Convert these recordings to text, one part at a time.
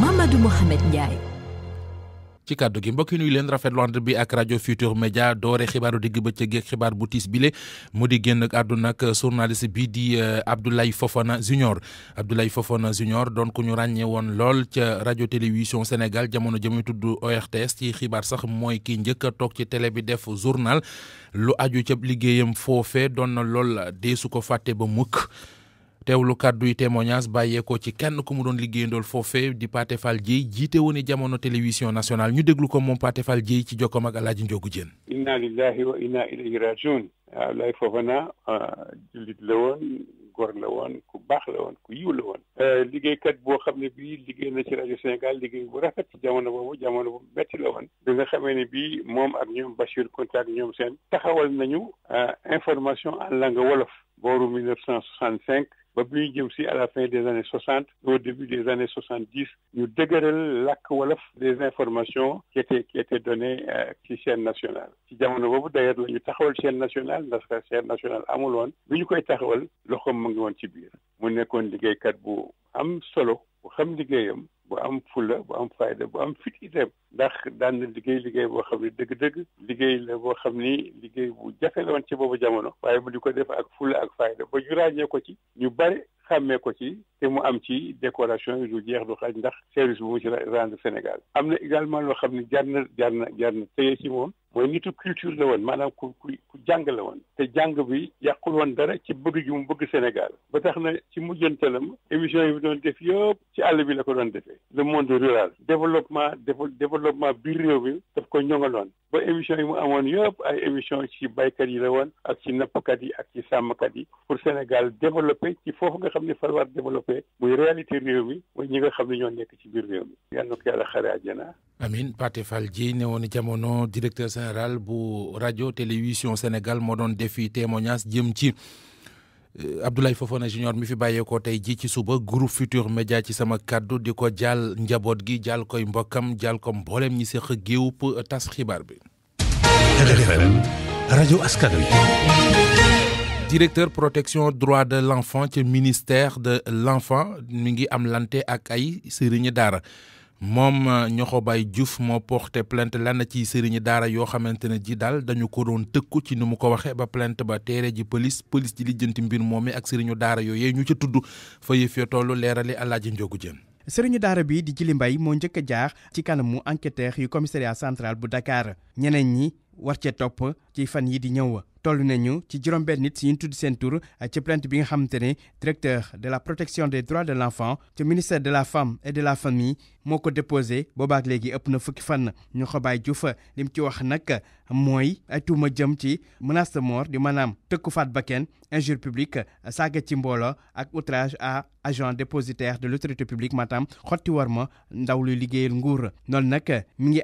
Mamadou Mohamed Ndiaye. ci kàddu gi mbokk yi nuyu leen rafetlu ànd bi ak rajo Futur Média doore xibaaru digg ba ak xibaar bu bi bile mu di génn àdduna ak journaliste bii di euh, Abdoulaye Fofana Junior Abdoulaye Fofana Junior doon ku ñu ràññee woon lool ca rajo télévision Sénégal jamono jëmuy tudd ORTS ci xibaar sax mooy ki njëkk a toog ci télé bi def journal lu aju ca liggéeyam foofe doon na lool dee ko fàtte ba mukk teewlu kaddu yi témoignage bàyyeekoo ci kenn ku mu doon liggéeyandool foofee di Pathé Fall Dieye jiite woon jamono télévision nationale ñu déglu ko moom Pathé Fall Dieye ci jokkoom ak Alaaji Njogu Jeen inna lillahi wa inna ilayhi rajiun Laay Fofana ah, jullit la woon góor la woon ku baax la woon ku yiw la woon eh, liggéeykat boo xam ne bii liggéey na ci rajo Sénégal liggéey bu rafet ci jamono boobu jamono boobu metti la woon bi nga xamee ne bii moom ak ñoom Bachir Konté ak ñoom seen taxawal nañu ah, information en langue wolof booru 1965 ba bu ñuy jëm si à la fin des années 60, au début des années 70, ñu dëgëral lakk wolof des informations qui étaient qui étaient données euh, ci chaîne nationale ci jamono boobu d'ailleurs la ñu taxawal chaîne nationale ndax chaîne nationale amul woon bi ñu koy taxawal loxoom mu ngi woon ci biir mu nekkoon liggéeykat bu am solo وخم لقيم وعم فلة وعم فائدة وعم فتي ذا داخ دان لقي لقي وخم دق دق لقي وخم ني لقي وجفة لو أنت بابا جامونا فاي بدي كده فاك فلة أك فائدة بجراني كذي نبارة خم كذي تمو أمتي ديكوراشن جوجير دو خالد داخ سيرس بوجي راند السنغال أمنا إيجال ما لو خم ني جارنا جارنا جارنا تيجي مون mooy nitu culture la woon maanaam ku ku ku jàng la woon te jàng bi yàqul woon dara ci bëgg gi mu bëgg Sénégal ba tax na ci mujjantalam émission yi mu doon def yëpp ci àll bi la ko doon defee le monde rural développement développement biir réew mi daf ko ñoŋaloon ba émission yi mu amoon yëpp ay émission ci baykat yi la woon ak ci nappkat yi ak ci sàmkat yi pour Sénégal développé ci foofu nga xam ne fa war développé muy réalité réew mi mooy ñi nga xam ne ñoo nekk ci biir réew mi yal na ko yàlla Amin Paté Fall ne jamono directeur général bu radio télévision Sénégal moo defi témoignage jëm ci euh, Abdoulaye Fofana Junior mi fi bàyyeekoo tey ji ci groupe Futur Média ci sama cadeau di ko jaal njaboot gi jaal koy mbokkam jaal ko mboolem ñi séq euh, tas xibaar bi. directeur protection droit de l'enfant ministère de l'Enfant, mi ngi am lante moom ñoxo euh, bay Diouf moo porté plainte lan ciy sëriñu daara yoo xamante ne ji daal dañu ko doon tëkku ci ni mu ko waxee ba plainte ba teere ji police police di lijjanti mbir moom mi ak sëriñu daara yooyu ñu ca tudd fa yëf ya tollu leerali Alaaji Njogu Jeen sëriñu daara bi di Jili Mbay moo njëkk a ci kanamu enquêteur yu commissariat central bu Dakar ñeneen ñi war Tifan topp ci fan yi di ñëw toll nañu ci juróom nit si tudd eh, ci bi directeur de la protection des droits de l'enfant, enfant ci ministère de la femme et de la famille Moko déposé boobaak léegi ëpp na fukki fan ñu xobaay Juuf lim ci wax nag menace de mort di maanaam tëkku faat bakken injure publique saaga ci outrage à agent dépositaire de l'autorité publique maanaam xotti war ma ndaw luy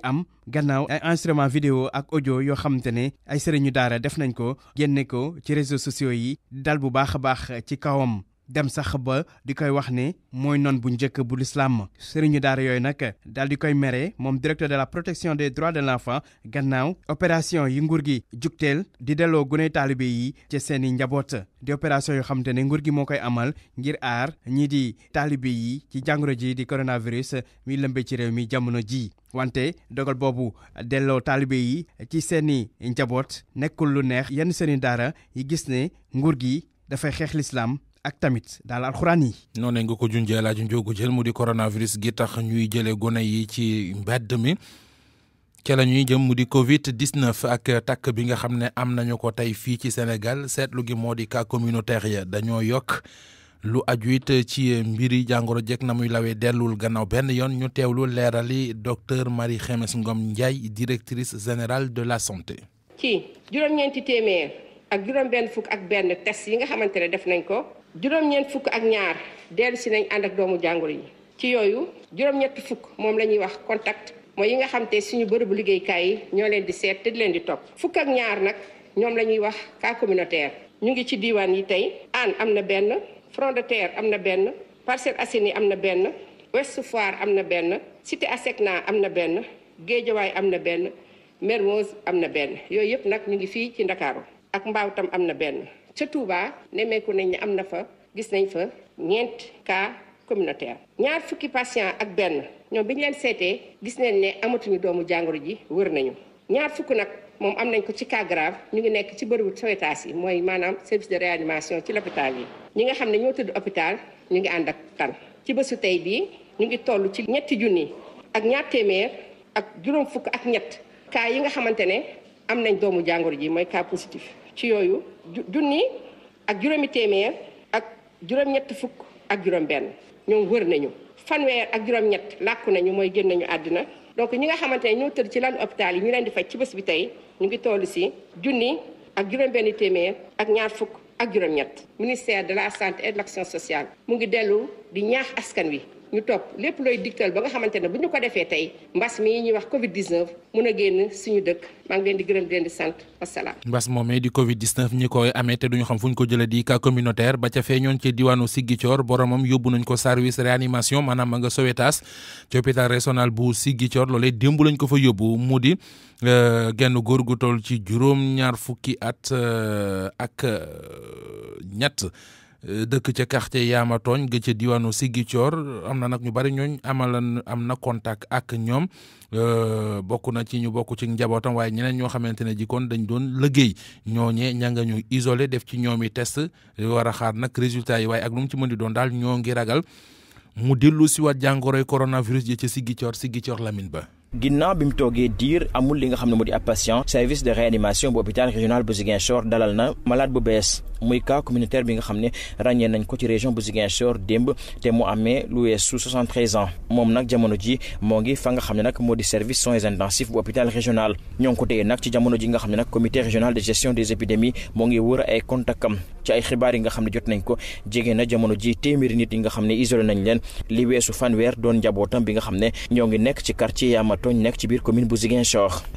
am. gannaaw ay enregistrement vidéo ak audio yoo xamante ne ay ñu daara def nañ ko génne ko ci réseau sociaux yi dal bu baax a baax ci kawam dem sax ba di koy wax ne mooy noon bu njëkk bu lislaam sëriñu daara yooyu nag daal di koy mere moom directeur de la protection des droits de l'enfant gannaaw opération yi nguur gi jugteel di delloo guney taalibe yi ci seeni njaboot di opération yoo xamante ne nguur gi moo koy amal ngir aar ñii di taalibe yi ci jàngoro ji di coronavirus mi lëmbe ci réew mi jamono ji wante dogal boobu delloo taalibe yi ci seeni njaboot nekkul lu neex yenn seeni daara yi gis ne nguur gi dafay xeex lislaam ak tamit daal alxuraan yi. noonu la ñu ko junjee El Hadj Ndiogou jël mu di coronavirus gi tax ñuy jëlee gone yi ci mbedd mi. ca la ñuy jëm mu di Covid 19 ak takk bi nga xam ne am nañu ko tey fii ci Sénégal seetlu gi moo di cas communautaire ya dañoo yokk lu aju it ci mbiri jàngoro jekk na muy lawee dellul gannaaw benn yoon ñu teewlu leerali docteur Marie Khemesse Ngom Ndiaye directrice générale de la santé. ci juróom-ñeenti téeméer ak juróom-benn fukk ak benn test yi nga xamante ne def nañ ko. juróom-ñeent fukk ak ñaar dellu si nañ ànd ak doomu jàngoro yi ci yooyu juróom-ñetti fukk moom la ñuy wax contact mooy yi nga xam te suñu bërëbu liggéeykaay yi ñoo leen di seet te di leen di topp fukk ak ñaar nag ñoom la ñuy wax cas communautaire ñu ngi ci diiwaan yi tey Hann am na benn Front de Terre am na benn Parcelles Assainies am na benn Ouest Foire am na benn Cité Asecna am na benn Guédiawaye am na benn Mermoz am na benn yooyu yëpp nag ñu ngi fii ci Ndakaaru ak Mbaaw am na benn ca Touba nemmeeku nañ ne am na fa gis nañ fa ñeent cas communautaire ñaar fukki patient ak benn ñoom bi ñu leen seetee gis nañ ni amatuñu doomu jàngoro ji wër nañu ñaar fukk nag moom am nañ ko ci cas grave ñu ngi nekk ci bërëbu sowetaas yi mooy maanaam service de réanimation ci l'hôpital yi ñi nga xam ne ñoo tëdd hôpital ñu ngi ànd ak tan ci bésu tey bii ñu ngi toll ci ñetti junni ak ñaar téeméer ak juróom fukk ak ñett cas yi nga xamante ne am nañ doomu jàngoro ji mooy cas ci yooyu junni ak juróomi téeméer ak juróom-ñett fukk ak juróom-benn ñoom wër nañu fanweer ak juróom-ñett làkku nañu mooy génn nañu àddina donc ñi nga xamante ne ñoo tëdd ci lan hôpital yi ñu leen di faj ci bés bi tey ñu ngi tollu si junni ak juróom-benn téeméer ak ñaar fukk ak juróom-ñett ministère de la santé et de l'action sociale mu ngi dellu di ñaax askan wi. ñu topp lépp looy digtal ba nga xamante ne bu ñu ko defee tey mbas mii ñuy wax Covid 19 mun a génn suñu dëkk maa ngi leen di gërëm di leen di sant wasalaam. mbas moomee di Covid 19 ñi koy amee te duñu xam fu ñu ko jëlee di cas communautaire ba ca feeñoon ci diwaanu Ziguinchor boromam yóbbu nañ ko service réanimation maanaam nga Sowétas ci hôpital régional bu Ziguinchor loolee démb lañ ko fa yóbbu mu di euh, genn góor gu toll ci juróom-ñaar fukki at euh, ak euh, ñett. dëkk ca quartier Yaama Tooñ ga ca diwaanu Sigicoor am na nag ñu bari ñooñ amalan am na contact ak ñoom euh, bokk na ci ñu bokk ci njabootam waaye ñeneen ñoo xamante ne ji kon dañ doon liggéey ñooñee ña nga ñu isolé def ci ñoom yi test euh, war a xaar nag résultat yi waaye ak lu mu ci mën di doon daal ñoo ngi ragal mu dellu si waat jàngoroy coronavirus ji ca Sigicoor Sigicoor Lamine Ba. ginnaaw bi mu toogee diir amul li nga xam ne moo patient service de réanimation bu hôpital régional bu Ziguinchor dalal malade bu bees muy cas communautaire bi nga xam ne ràññee nañ ko ci région bu Ziguinchor démb te mu amee lu 73 ans moom nag jamono ji moo ngi fa nga xam ne nag service soins intensifs bu hôpital régional ñoo ngi ko téye nag ci jamono ji nga xam ne comité régional de gestion des épidémies moo ngi wër ay kontakam ci ay xibaar yi nga xam ne jot nañ ko jege na jamono ji téeméeri nit yi nga xam ne isolé nañ leen li weesu fanweer doon njabootam bi nga xam ne ngi nekk ci quartier tooñ nek ci biir commune bu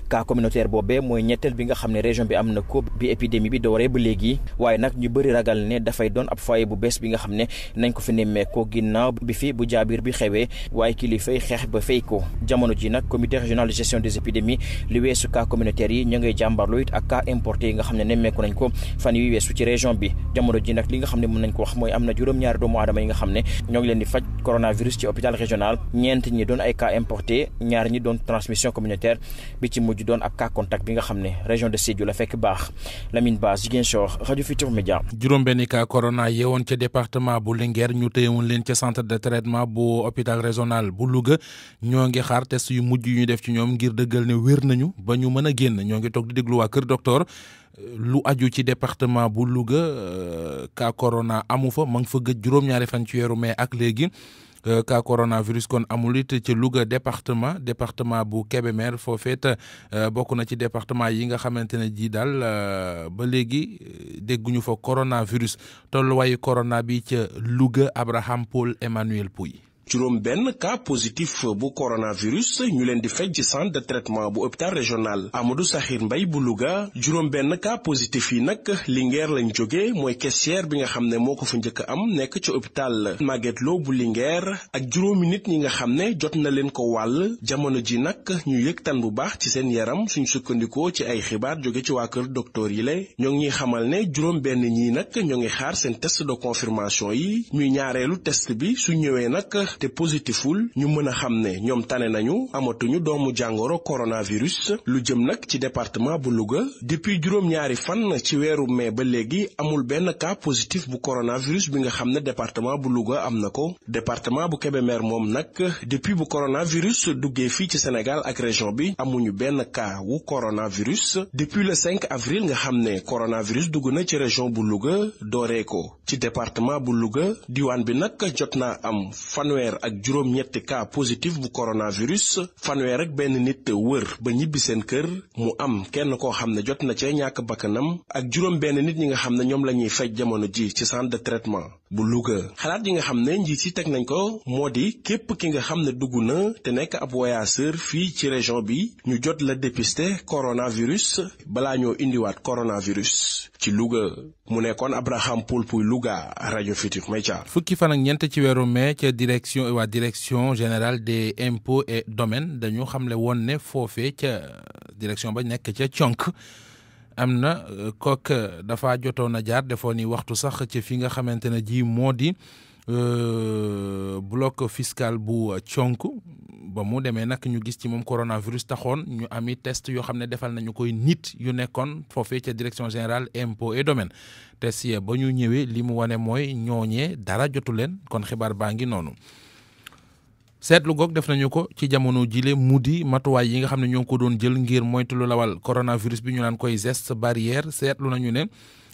cas communautaire bobé, moy ñetteel bi nga xamné région bi amna ko bi épidémie bi dooré ba légui waaye nak ñu bëri ragal da fay doon ab foyer bu bess bi nga xamné nañ ko fi ko ginnaw bi fi bu jabir bi xewé kilifay xex ba fay ko jamono ji nak comité régional de gestion des épidémies li wésu cas communautaire yi ñu ngay it ak ka importé nga xamné némé ko nañ ko fan yi wésu ci région bi jamono ji nak li nga xamné ko wax moy amna juroom ñaar do mo nga xamné leen di faj coronavirus ci hôpital régional ñent ñi doon ay ka importé ñaar ñi doon transmission communautaire bi ci mujj doon ab cas contact bi nga xam ne région de Sédhiou la fekk baax Lamine Ba Ziguinchor radio Futur Média. juróom-benni cas corona yeewoon ca département bu Linguère ñu téyewoon leen ca centre de traitement bu hôpital régional bu Louga ñoo ngi xaar test yu mujj yu ñu def ci ñoom ngir dëggal ne wér nañu ba ñu mën a génn ñoo ngi toog di déglu waa Kër Docteur. lu aju ci département bu Louga ka euh, corona amu fa ma ngi fa gëj juróom-ñaari fan ci weeru mai ak léegi Euh, cas coronavirus kon amul it ci Louga département département bu Kébémer foofee it euh, bokk na ci département yi nga xamante ne ji daal euh, ba léegi dégguñu fa coronavirus tolluwaayu corona bi ca Louga Abraham Paul Emmanuel Pouy juróom benn cas positif bu coronavirus ñu leen di faj ci centre de traitement bu hôpital régional Amadou Sakhir Mbaye bu Louga juróom benn cas positif yi nag Linguère lañ jóge mooy caissière bi nga xam ne moo ko fa njëkk am nekk ci hôpital màgget Lô bu Linguère ak juróomi nit ñi nga xam ne jot na leen ko wàll jamono ji nag ñu yëg tan bu baax ci seen yaram suñ sukkandikoo ci ay xibaar jóge ci waa kër docteur yi la ñoo ngi xamal ne juróom benn ñii nag ñoo ngi xaar seen test de confirmation yi ñuy ñaareelu test bi su ñëwee nag sax te positiful ñu mën a xam ne ñoom tane nañu amatuñu doomu jàngoro coronavirus lu jëm nag ci département bu Louga depuis juróom-ñaari fan ci weeru mai ba léegi amul benn cas positif bu coronavirus bi nga xam ne département bu Louga am na ko département bu Kébémer moom nag depuis bu coronavirus duggee fii ci Sénégal ak région bi amuñu benn cas wu coronavirus depuis le 5 avril nga xam ne coronavirus dugg na ci région bu Louga dooree ko ci département bu Louga diwaan bi nag jot naa am fanweer ak juróom-ñetti cas positif bu coronavirus fanweer ak benn nit wër ba ñibbi seen kër mu am kenn koo xam ne jot na cee ñàkk bakkanam ak juróom benn nit ñi nga xam ne ñoom la ñuy faj jamono ji ci centre de traitement bu Louga xalaat yi nga xam ne njiit yi teg nañ ko moo di képp ki nga xam ne dugg na te nekk ab fii ci région bi ñu jot la dépister coronavirus balaa ñoo indiwaat coronavirus ci Louga mu nekkoon Abraham Poulpouy Louga rajo Futurs Médias direction wa direction générale des impôts et domaines dañu xamlé woon ne foofee ca direction ba nek ci conk amna na euh, kook euh, dafa jotoon jaar defo ni waxtu sax ci fi nga xamantene ji modi euh bloc fiscal bu conk ba mu démé nak ñu gis ci mom coronavirus taxone ñu ami test yo xamné defal nañu koy nit yu nekkon fofé ci direction générale impôts et domaines test ya ba ñu ñëwee li mu wane dara jotu kon xibar baangi nonu seetlu goog def nañu ko ci jamono jile mu di matuwaay yi nga xam ne ñoo ngi ko doon jël ngir moytu lu lawal coronavirus bi ñu naan koy geste barrière seetlu nañu ne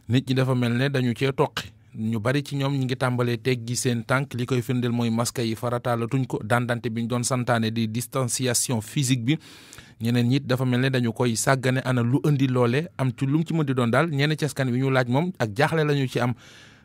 nit ñi dafa mel ne dañu cee toqi ñu bari ci ñoom ñi ngi tàmbalee teggi seen tànk li koy firndeel mooy masque yi farataalatuñ ko dandante bi ñu doon santaane di distanciation physique bi ñeneen ñit dafa mel ne dañu koy sàggane ana lu indi loole am ci lu mu ci mën di doon daal ñeneen ci askan wi ñu laaj moom ak jaxle lañu ci am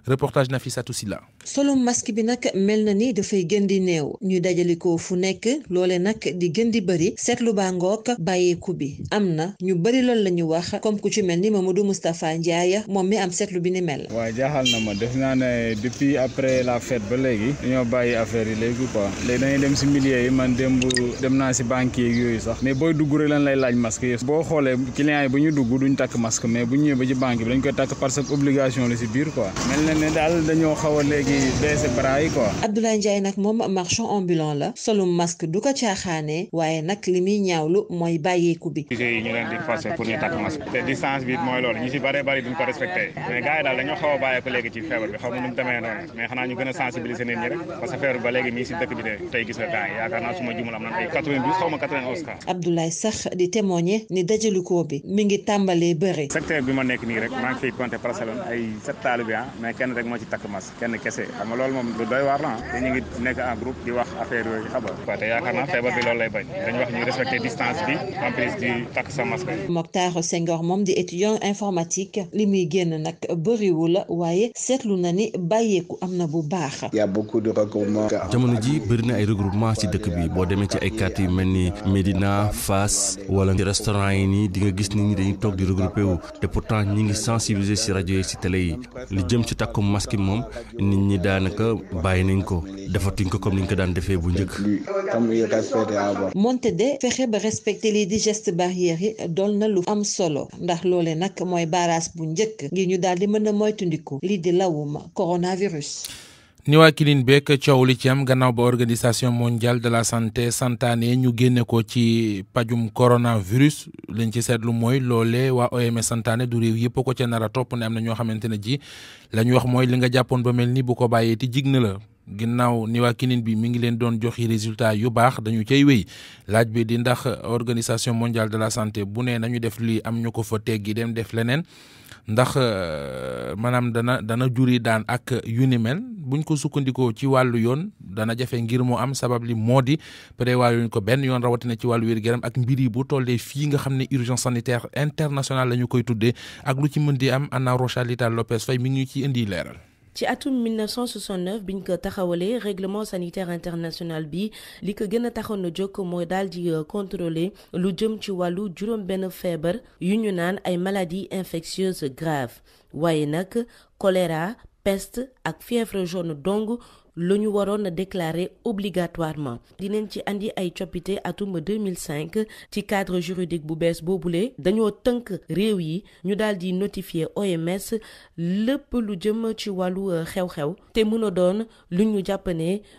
reportage nafisa Silla solom masque bi nag mel ni da fay di néew ñu dajaliko fu nekk loole nak di gën bari setlu ba ngok baye kubi amna ñu bari loolu lañu wax comme ku ci melni Mamadou mustapha Ndiaye mom mi am setlu bi ni mel wa jaxal na ma def na né depuis après la fête ba légui dañu baye affaire yi légui quoi léegi dañu dem ci milier yi man démb dem na ci banque yi yoy sax mais boy dugg rek lan lay laaj masque yi bo xolé client yi bu ñu dugg duñ tak masque mais bu ñëw ba ci banque bi dañ koy tak parce que obligation la ci biir quoi melna ne daal dañoo xaw a léegi baissé bras yi quoi. Abdoulaye nag moom marchand ambulant la solum masque du ko caaxaane waaye nag li muy ñaawlu mooy bàyyeeku bi. yi di forcé pour mooy loolu ñu si bëree bëri duñ ko respecté mais gars yi daal dañoo xaw a bàyyeeku léegi ci feebar bi xaw ma nu mu demee noonu mais xanaa ñu gën a sensibiliser nit ñi rek parce que feebar ba léegi mi si dëkk bi de tey gis nga temps yi yaakaar naa su ma jumul am na ma 91 cas. Abdoulaye sax bi mi ngi tàmbalee kenn rek moo ci takk mas kenn kese xam nga loolu moom lu doy waar la te ñu ngi nekk en groupe di wax affaire yooyu xam nga te yaakaar naa feebar bi loolu lay bañ dañ wax ñu respecter distance bi en plus di takk sa masque Moctar Senghor moom di étudiant informatique li muy génn nag bëriwul waaye seetlu na ni bàyyeeku am na bu baax y'a beaucoup de regroupement jamono ji bëri na ay regroupement ci dëkk bi boo demee ci ay quartier yu mel ni Medina Fass wala ci restaurant yi nii di nga gis nit ñi dañuy toog di regroupé wu te pourtant ñi ngi sensibiliser ci rajo yi ci télé yi li jëm ci takk takkum masque moom nit ñi daanaka bàyyi nañ ko defatuñ ko comme niñ ko daan defee bu njëkk. monte de fexe ba respecté lii di geste barrière yi doon na lu am solo ndax loole nag mooy baaraas bu njëkk ngir ñu daal di mën a moytandiku lii di lawuma coronavirus. niwa waa kilin beek ci am gannaaw ba organisation mondiale de la santé santane ñu génne ko ci pajum coronavirus lañ ci seetlu mooy loolee waa OMS santaane du réew yëpp ko ca nar a topp ne am na ñoo xamante ne ji la ñu wax mooy li nga jàppoon ba mel bu ko bàyyee ti jig la ginnaaw bi mi ngi leen doon joxi résultat yu baax dañu cay wéy laaj bi di ndax organisation mondiale de la santé bu nee nañu def lii am ñu ko fa teggi dem def leneen. ndax euh, maanaam dana dana juri daan ak yu ni mel buñ ko sukkandikoo ci wàllu yoon dana jafe ngir mu am sabab li moo di prévoir yuñ ko benn yoon rawatina ci wàllu wér gu ak mbir yi bu tollee fii nga xam ne urgence sanitaire internationale la ñu koy tuddee ak lu ci mën di am Anna Rocha Lita Lopez Faye mi ngi ñu ciy indi leeral. ci atum 1969 biñ ko règlement sanitaire international bi li ko gëna a na jokk mooy daal di euh, contrôler lu jëm ci walu juroom ben fièvre yu ñu naan ay maladies infectieuses graves waaye choléra peste ak fièvre jaune dong la ñu waroon a déclarer obligatoirement dinañ ci andi ay coppite atum 2005 ci cadre juridique bu bees boobule dañoo tënk réew yi ñu daal di notifier OMS lépp lu jëm ci wàllu euh, xew-xew te mën a lu ñu jàpp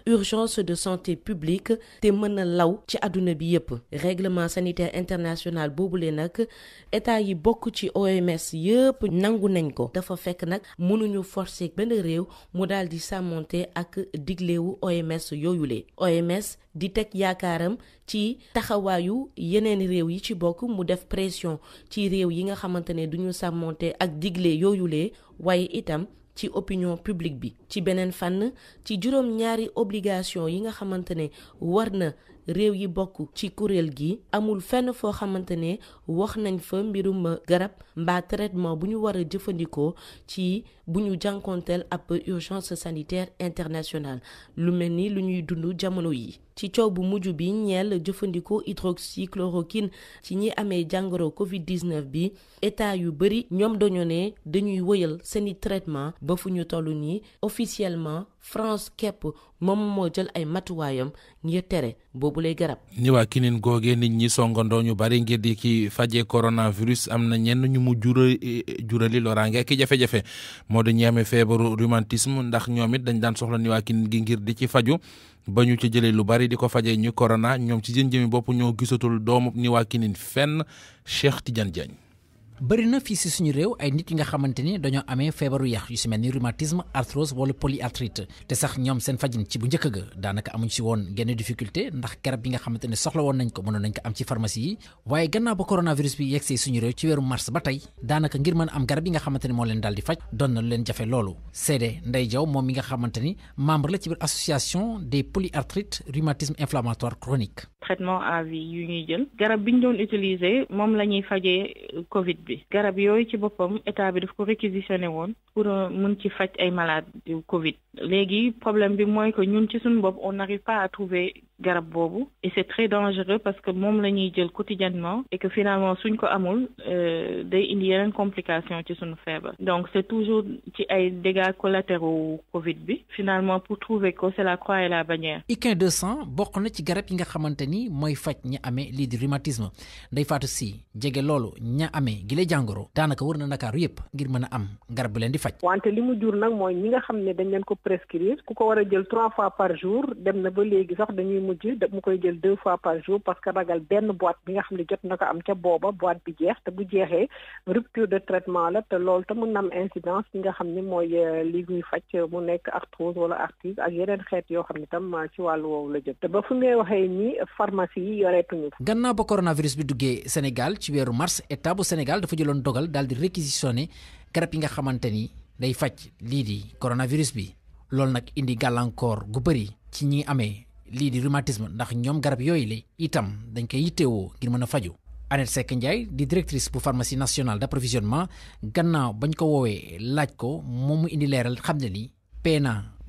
urgence de santé publique te mën a law ci àdduna bi yépp règlement sanitaire international boobule nag état yi bokk ci OMS yépp nangu nañ ko dafa fekk nag mënuñu forcer benn réew mu daal di sàmmonte ak diglewu OMS yooyule OMS di teg yaakaaram ci taxawaayu yeneen réew yi ci bokk mu def pression ci réew yi nga xamante ne duñu sàmmonte ak digle yooyule waaye itam ci opinion publique bi ci beneen fànn ci juróom ñaari obligation yi nga xamante ne war na réew yi bokk ci kuréel gi amul fenn foo xamante ne wax nañ fa mbirum garab mbaa traitement bu ñu war a jëfandikoo ci buñu kontel jànkonteel urgence sanitaire internationale lu mel ni lu ñuy dund jamono yi ci coow bu bi hydroxychloroquine ci ñi amee Covid 19 bi état yu nyom ñoom dañu ne dañuy wëyal seeni traitement ba officiellement France képp moom moo jël ay matuwaayam ngir tere boobu lay garab. ñi waa kinin googee nit ñi songandoo ñu bari ngir di ki coronavirus am na ñenn ñu mu jura eh, jurali loraange ak jafe moo di ñi amee feebaru rhumatisme ndax ñoom it dañ daan soxla niwaakin gi ngir di ci faju ba ñu ci jëlee lu bari di ko fajee ñu corona ñoom ci jën jëmi bopp ñoo gisatul doomu niwaakinin fenn Cheikh Tidiane Diagne bëri na fii si suñu réew ay nit yi nga xamante ni dañoo amee feebaru yax yu si mel ni rhumatisme arthrose wala polyarthrite te sax ñoom seen fajin ci bu njëkk ga daanaka amuñ si woon genn difficulté ndax garab yi nga xamante ne soxla woon nañ ko mënoon nañ ko am ci pharmacie yi waaye gannaaw ba coronavirus bi yegsee suñu réew ci weeru mars ba tey daanaka ngir mën am garab yi nga xamante ne moo leen daal di faj doon na lu leen jafe loolu seede Ndeye Diaw moom mi nga xamante ni membre la ci biir association des polyarthrites rhumatisme inflammatoire chronique traitement à vie yu ñuy jël garab bi ñu doon utiliser moom la ñuy fajee euh, Covid bi garab yooyu ci boppam état bi daf ko réquisitionné woon pour euh, mun ci faj ay malade yu Covid léegi problème bi mooy que ñun ci suñu bopp on n'arrive pas à trouver garab boobu et c'est très dangereux parce que moom la ñuy jël quotidiennement et que finalement suñ ko amul euh, day indi yeneen complication ci suñu feebar donc c'est toujours ci ay dégâts collatéraux Covid bi finalement pour trouver que c'est la croix et la bannière. IKIN 200 bokk na ci garab yi nga ni ni moy faj ñi amé li di rhumatisme ndey faatu si jégué lolu ña amé gile jàngoro daanaka wër na ndakaaru yépp ngir mëna am garab bu leen di faj wante limu jur nak moy ñi nga xamné dañ leen ko prescrire ku ko war jël 3 fois par jour dem na ba légui sax dañuy mujj mu koy jël 2 fois par jour parce que ragal benn boîte bi nga xamné jot nako am ca boba boîte bi jeex te bu jeexee rupture de traitement la te lolu te mun na incidence bi nga xamné moy euh, li guy fajj mu nekk arthrose wala arthrite ak yeneen xéet yo xamné tam euh, ci walu wowo la jëf te ba fu ngay ni fa pharmacie yi yoreetuñu ko. gannaaw ba coronavirus bi duggee Sénégal ci weeru mars état bu Sénégal dafa dogal dal di réquisitionné garab yi nga xamante day faj lii di coronavirus bi lolnak indi gàllankoor gu bëri ci ñi amee lii di rhumatisme ndax ñoom garab yooyu la itam dañ koy yittewoo ngir mën a faju Annette Seck Ndiaye di directrice bu pharmacie nationale d'approvisionnement gannaaw bañ ko woowee laaj ko moom mu indi leeral xam ne ni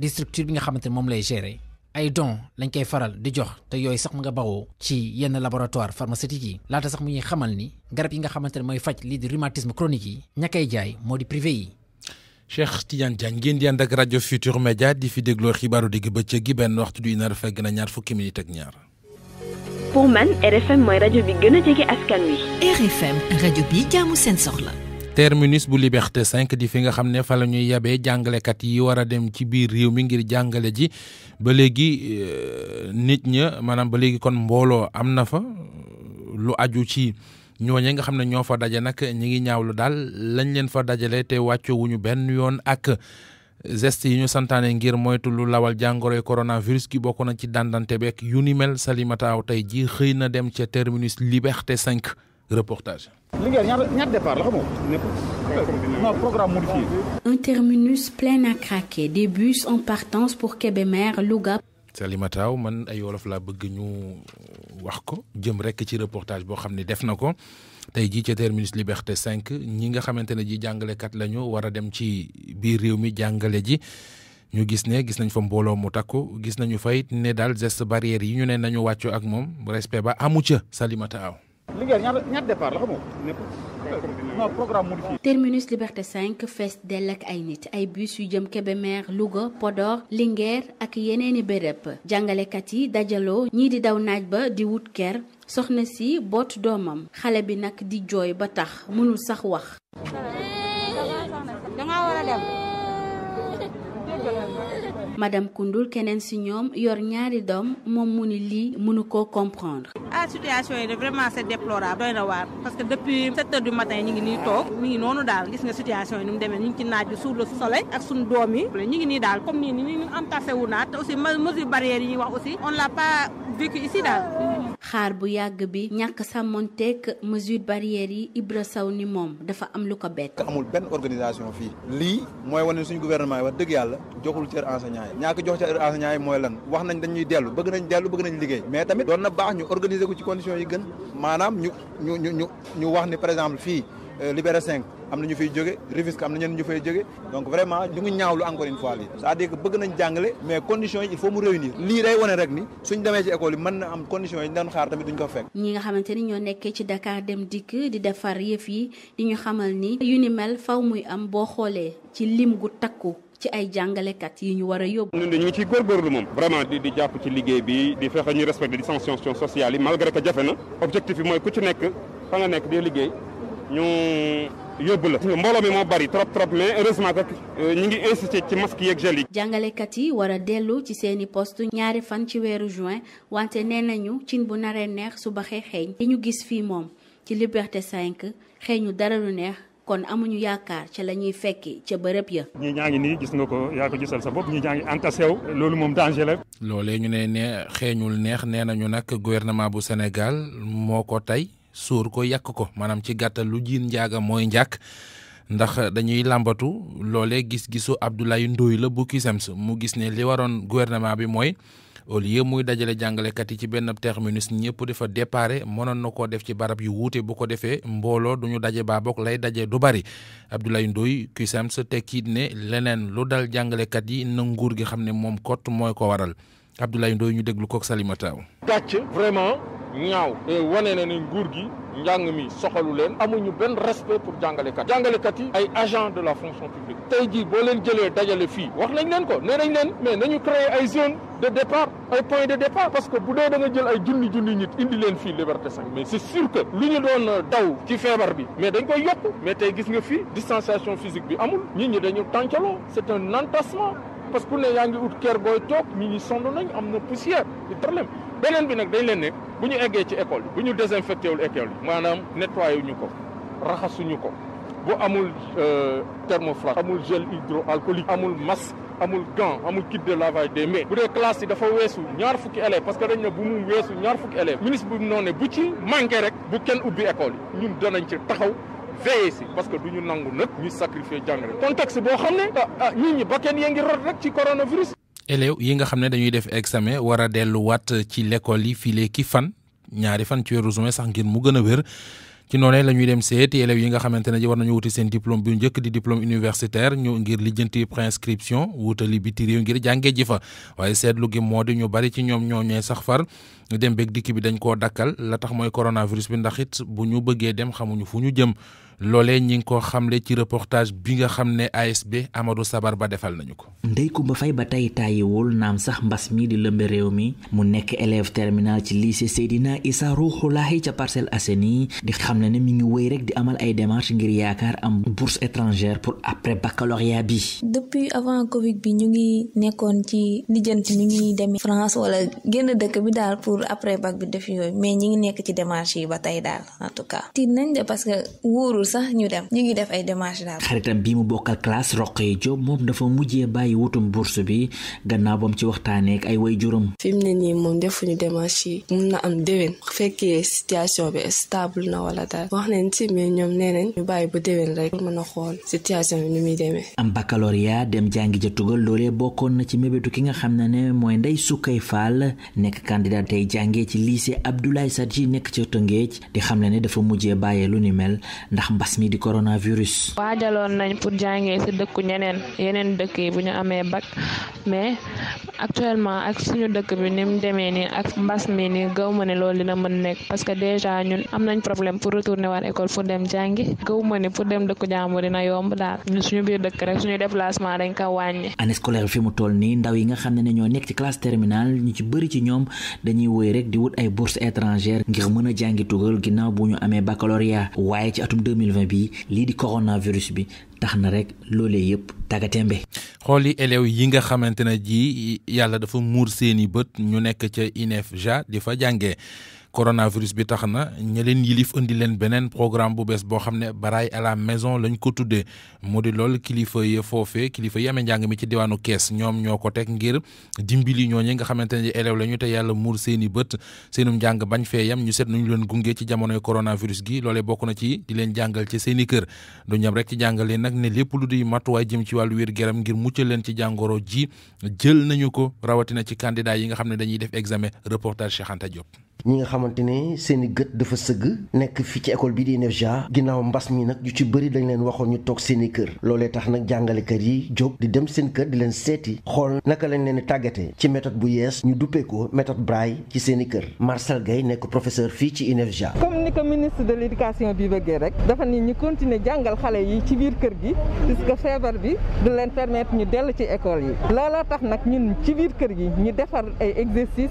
di structure bi nga xamante ne moom lay gérer ay don lañ koy faral di jox te yooyu sax nga bawoo ci yenn laboratoire pharmaceutique yi laata sax mu ñuy xamal ni garab yi nga xamante ne mooy faj lii di rhumatisme chronique yi ña koy jaay moo di privé yi Cheikh Tidiane Diagne ngeen di ànd ak rajo Futur Média di fi dégloo xibaaru digg bëccëg gi benn waxtu du nar fekk na ñaar fukki minute ak ñaar. Pour man RFM mooy rajo bi gën a jege askan wi. RFM rajo bi jaamu seen soxla. terminus bu Liberté cinq di fi nga xam ne fa la ñuy yabee jàngalekat yi war a dem ci biir réew mi ngir jàngale ji ba léegi euh, nit ña maanaam ba léegi kon mbooloo am na fa lu aju ci ñooñe nga xam ne ñoo fa daje nag ñi ngi ñaaw lu daal lañ leen fa dajale te wàccoowuñu benn yoon ak geste yi ñu santaane ngir moytu lu lawal jàngoroy coronavirus gi bokk na ci dandante beeg yu ni mel Salimata Aw tey ji xëy na dem ca terminus Liberté cinq reportage. Un terminus plein à craquer, des bus en partance pour Kebemer, Louga. Salimataw man ay wolof la bëgg ñu wax ko jëm rek ci reportage boo xam ne def na ko tey jii terminus Liberté 5 ñi nga xamante ne ji kat lañu war a dem ci biir réew mi jàngale ji ñu gis ne gis nañ fa mbooloo mu takku gis nañu fay ne daal geste barrière yi ñu ne nañu wàccu ak moom respect ba amu ca Salimataw Linguère ñaata ñaata départ terminus Liberté 5 fees dell ak ay nit ay bus yu jëm kebemeer Louga podoor Linguère ak yeneeni béréb jàngalekat yi dajaloo ñi di daw naaj ba di wut kër soxna si boot doomam xale bi nag di jooy ba tax mënul sax wax. madame kundul keneen si ñoom yor ñaari doom moom mu ni lii mënu koo comprendre. ah situation yi de vraiment c'est déplorable. doy na waar parce que depuis sept heures du matin ñu ngi nii toog mi ngi noonu daal gis nga situation yi ni mu demee ñu ngi ci naaj bi sous le soleil ak suñu doom ñu ngi nii daal comme nii nii ñu entassé wu naat te aussi mesure barrière yi ñuy wax aussi on l'a pas vécu ici daal. xaar bu yàgg bi ñàkk sàmmonteeg mesure barrière yi Ibra Sow ni moom dafa am lu ko bett amul benn organisation fii lii mooy wane suñu gouvernement yi wax dëgg yàlla joxul ci enseignants yi ñaako jox cër enseignants mooy lan wax nañ dañuy dellu bëgg nañ dellu bëgg nañ liggéey mais tamit doon na baax ñu organiser ko ci conditions yi gën maanaam ñu ñu ñu ñu wax ni par exemple fii Euh, libéré 5 am na ñu fiy jóge Rufisque am na ñu fay joggé donc vraiment ñu ngi ñaawlu encore une fois li c'est-à-dire que bëgg nañ jàngalé mais condition yi il faut mu réunir li day wane rek ni suñ démé ci école yi mën na am condition yi ñu xaar tamit duñ ko fekk ñi nga xamanteni ni ñoo nekkee ci Dakar dem dik di defar yëf yi di ñu xamal ni yu mel faw muy am bo xolé ci lim gu takku ci ay kat yi ñu war a yóbbu. ñun de ñu ngi ciy góorgóorlu moom. vraiment di di jàpp ci liggéey bi di fexe ñu respecté di sanction sociale yi malgré que jafe na objectif bi mooy ku ci nekk fa nga nekk di liggéey ñu yóbbu la mbooloo mi moo bari trop trop mais heureusement que euh, ñi ngi insisté ci masque yeeg gel yi. jàngalekat yi war a dellu ci seeni post ñaari fan ci weeru juin wante nee nañu cin bu naree neex suba xeeñ li ñu gis fii moom ci Liberté 5 xeeñu dara lu neex kon amuñu yaakaar ca la ñuy fekki ca bërëb ya. ñii ñaa ngi nii gis nga ko yaa ko gisal sa bopp ñii ñaa ngi entasew loolu moom danger la. loolee ñu ne ne xeeñul neex nee nañu nag gouvernement bu senegal moo ko tey. sóor ko yàq ko maanaam ci gàttal lu jiin njaaga mooy njàkk ndax dañuy làmbatu loolee gis-gisu yu Ndoye la bu CUSEMS mu gis ne li waroon gouvernement bi mooy au lieu muy dajale jàngalekat yi ci benn terminus ñëpp dafa déparé mënoon na koo def ci barab yu wuute bu ko defee mbooloo duñu daje baa bokk lay daje du bari Abdoulaye Ndoye CUSEMS tekkiit ne leneen lu dal jàngalekat yi na nguur gi xam ne moom kot mooy ko waral Abdoulaye Ndoye ñu déglu kook Salimata gàcc vraiment ñaaw woné né né nguur gi njàng mi soxalu leen amuñu ben respect pour kat jàngalekat kat yi ay agent de la fonction publique tay jii bo leen jëlé dajalé fi wax nañ leen ko né nañ leen mais nañu créer ay zone de départ ay point de départ parce que bu dee da nga jël ay junni junni nit indi leen fi liberté sax mais c'est sûr que lu ñu doon daw ci feebar bi mais dañ koy yop mais tay gis nga fi distanciation physique bi amul nit ñi dañu tàncaloo c'est un entassement parce que ne yaa ngi ut kër gooy toog nit ñi sonn nañ am na poussière di problème beneen bi nag dañ leen ne bu ñu eggee ci école yi bu ñu désinfecté wul école yi maanaam nettoyé ñu ko raxasuñu ko bu amul euh, thermoflash amul gel hydroalcoolique amul masque amul gant amul kit de lavage des mains bu dee classe yi dafa weesu ñaar fukki élèves parce que dañ ne bu mu weesu ñaar fukki élèves ministre bi mu noonu bu ci manqué rek bu kenn ubbi école yi ñun danañ ci taxaw veiller parce que du ñu nangu nag ñu sacrifier jàngale contexte boo xam ne ah, ah nit ñi bakkeen yaa ngi rot rek ci coronavirus. élèves yi nga xam ne dañuy def examen war a delluwaat ci l'école yi file ki fan ñaari fan ci weeru juin sax ngir mu gën a wér ci noonu la ñuy dem seeti élèves yi nga xamante ne war nañu wuti seen diplôme bu njëkk di diplôme universitaire ñu ngir lijjanti préinscription wutali biti réew ngir jàngee ji fa waaye seetlu gi moo di ñu bari ci ñoom ñoo ñooy sax far ñu dem beeg dikk bi dañ koo dakkal la tax mooy coronavirus bi ndax it bu ñu bëggee dem xamuñu fu ñu jëm. lolé ñi ngi ko xamlé ci reportage bi nga xamné ASB Amadou Sabar ba defal nañu ko. Ndey ba Fay ba tay tàyyiwul naam sax mbas mi di lembe rew mi mu nekk élève terminal ci lycée Seydina Issa Rouhoulahi ci Parcelles Asseni di xamné ne mi ngi wéy rek di amal ay démarches ngir yaakar am bourse étrangère pour après baccalauréat bi. Depuis avant Covid bi ñu ngi nekkoon ci lijjanti ñu ngi dem France wala génn dëkk bi dal pour après bac bi def yoy mais ñi ngi nekk ci démarches yi ba tay dal en tout cas. ti nañ de parce que wóorul sax ñu dem ñu ngi def ay démarches daal. xaritam bii mu bokkal classe Roqe Diop moom dafa mujjee bàyyi wutum bourse bi gannaaw ba mu ci waxtaaneek ay way juróom. fi mu ne nii moom defuñu démarche yi mun na am déwén fekkee situation bi stable na wala daal wax nañ ci mais ñoom nee nañ ñu bàyyi bu déwén rek mën a xool situation bi ni muy demee. am baccalauréat dem jàngi ja tugal loolee bokkoon na ci mébétu ki nga xam ne ne mooy Ndeye Soukay Fall nekk candidat jàngee ci lycée Abdoulaye Sadji nekk ca Tëngéej di xam dafa mujjee bàyyee mbas di coronavirus. wajalon nañ pour jangé ci dëkku ñeneen yeneen dëkk yi bu ñu amé bac mais actuellement ak suñu dëkk bi nim démé ni ak mbas ni nii gaw ma loolu dina mën nekk parce que déjà ñun am nañ problème pour retourner war école pour dem jangé gaw ma pour dem dëkku jaamu dina yomb daal ñu suñu biir dëkk rek suñu déplacement dañ ko wañé ané scolaire fi mu toll ni ndaw yi nga xamné né ñoo nekk ci classe terminale ñu ci bëri ci ñoom dañuy woy rek di wut ay bourse étrangère ngir mëna jangé tugal ginnaw bu ñu amé baccalauréat waye ci atum 2000 2020 bi lii di coronavirus bi tax na rek loolee yëpp tàggatémbe. xooli élèves yi nga xamante ne ji yàlla dafa muur seeni bët ñu nekk ca INEFJA di fa jànge coronavirus bi tax na ña leen yilif indi leen beneen programme bu bees boo xam ne baraay à la maison lañ ko tuddee mu di lool kilifa yi foofe kilifa yi amee njàng mi ci diwaanu kees ñoom ñoo ko teg ngir dimbali ñooñu nga xamante ne élève lañu te yàlla muur seeni bët seenum njàng bañ fee yam ñu seet nu ñu leen gunge ci jamonoy coronavirus gi loolee bokk na ci di leen jàngal ci seeni kër du ñam rek ci jàngale nag ne lépp lu di matuwaay jëm ci wàllu wér geram ngir muccal leen ci jàngoro ji jël nañu ko rawatina ci candidat yi nga xam ne dañuy def examen reportage Cheikh Anta ñi nga xamante ne seen i gët dafa sëgg nekk fii ci école bi di INEFJA ginnaaw mbas mi nag yu ci bëri dañ leen waxoon ñu toog seen i kër loolee tax nag jàngale jàngalekat yi jóg di dem seen kër di leen seeti xool naka lañ leen di tàggatee ci méthode bu yees ñu duppee ko méthode Braille ci seen i kër Marcel gay nekk professeur fii ci INEFJA. comme ni ko ministre de l' bi bëggee rek dafa ni ñu continuer jàngal xale yi ci biir kër gi puisque feebar bi du leen permettre ñu dellu ci école yi looloo tax nag ñun ci biir kër gi ñu defar ay exercice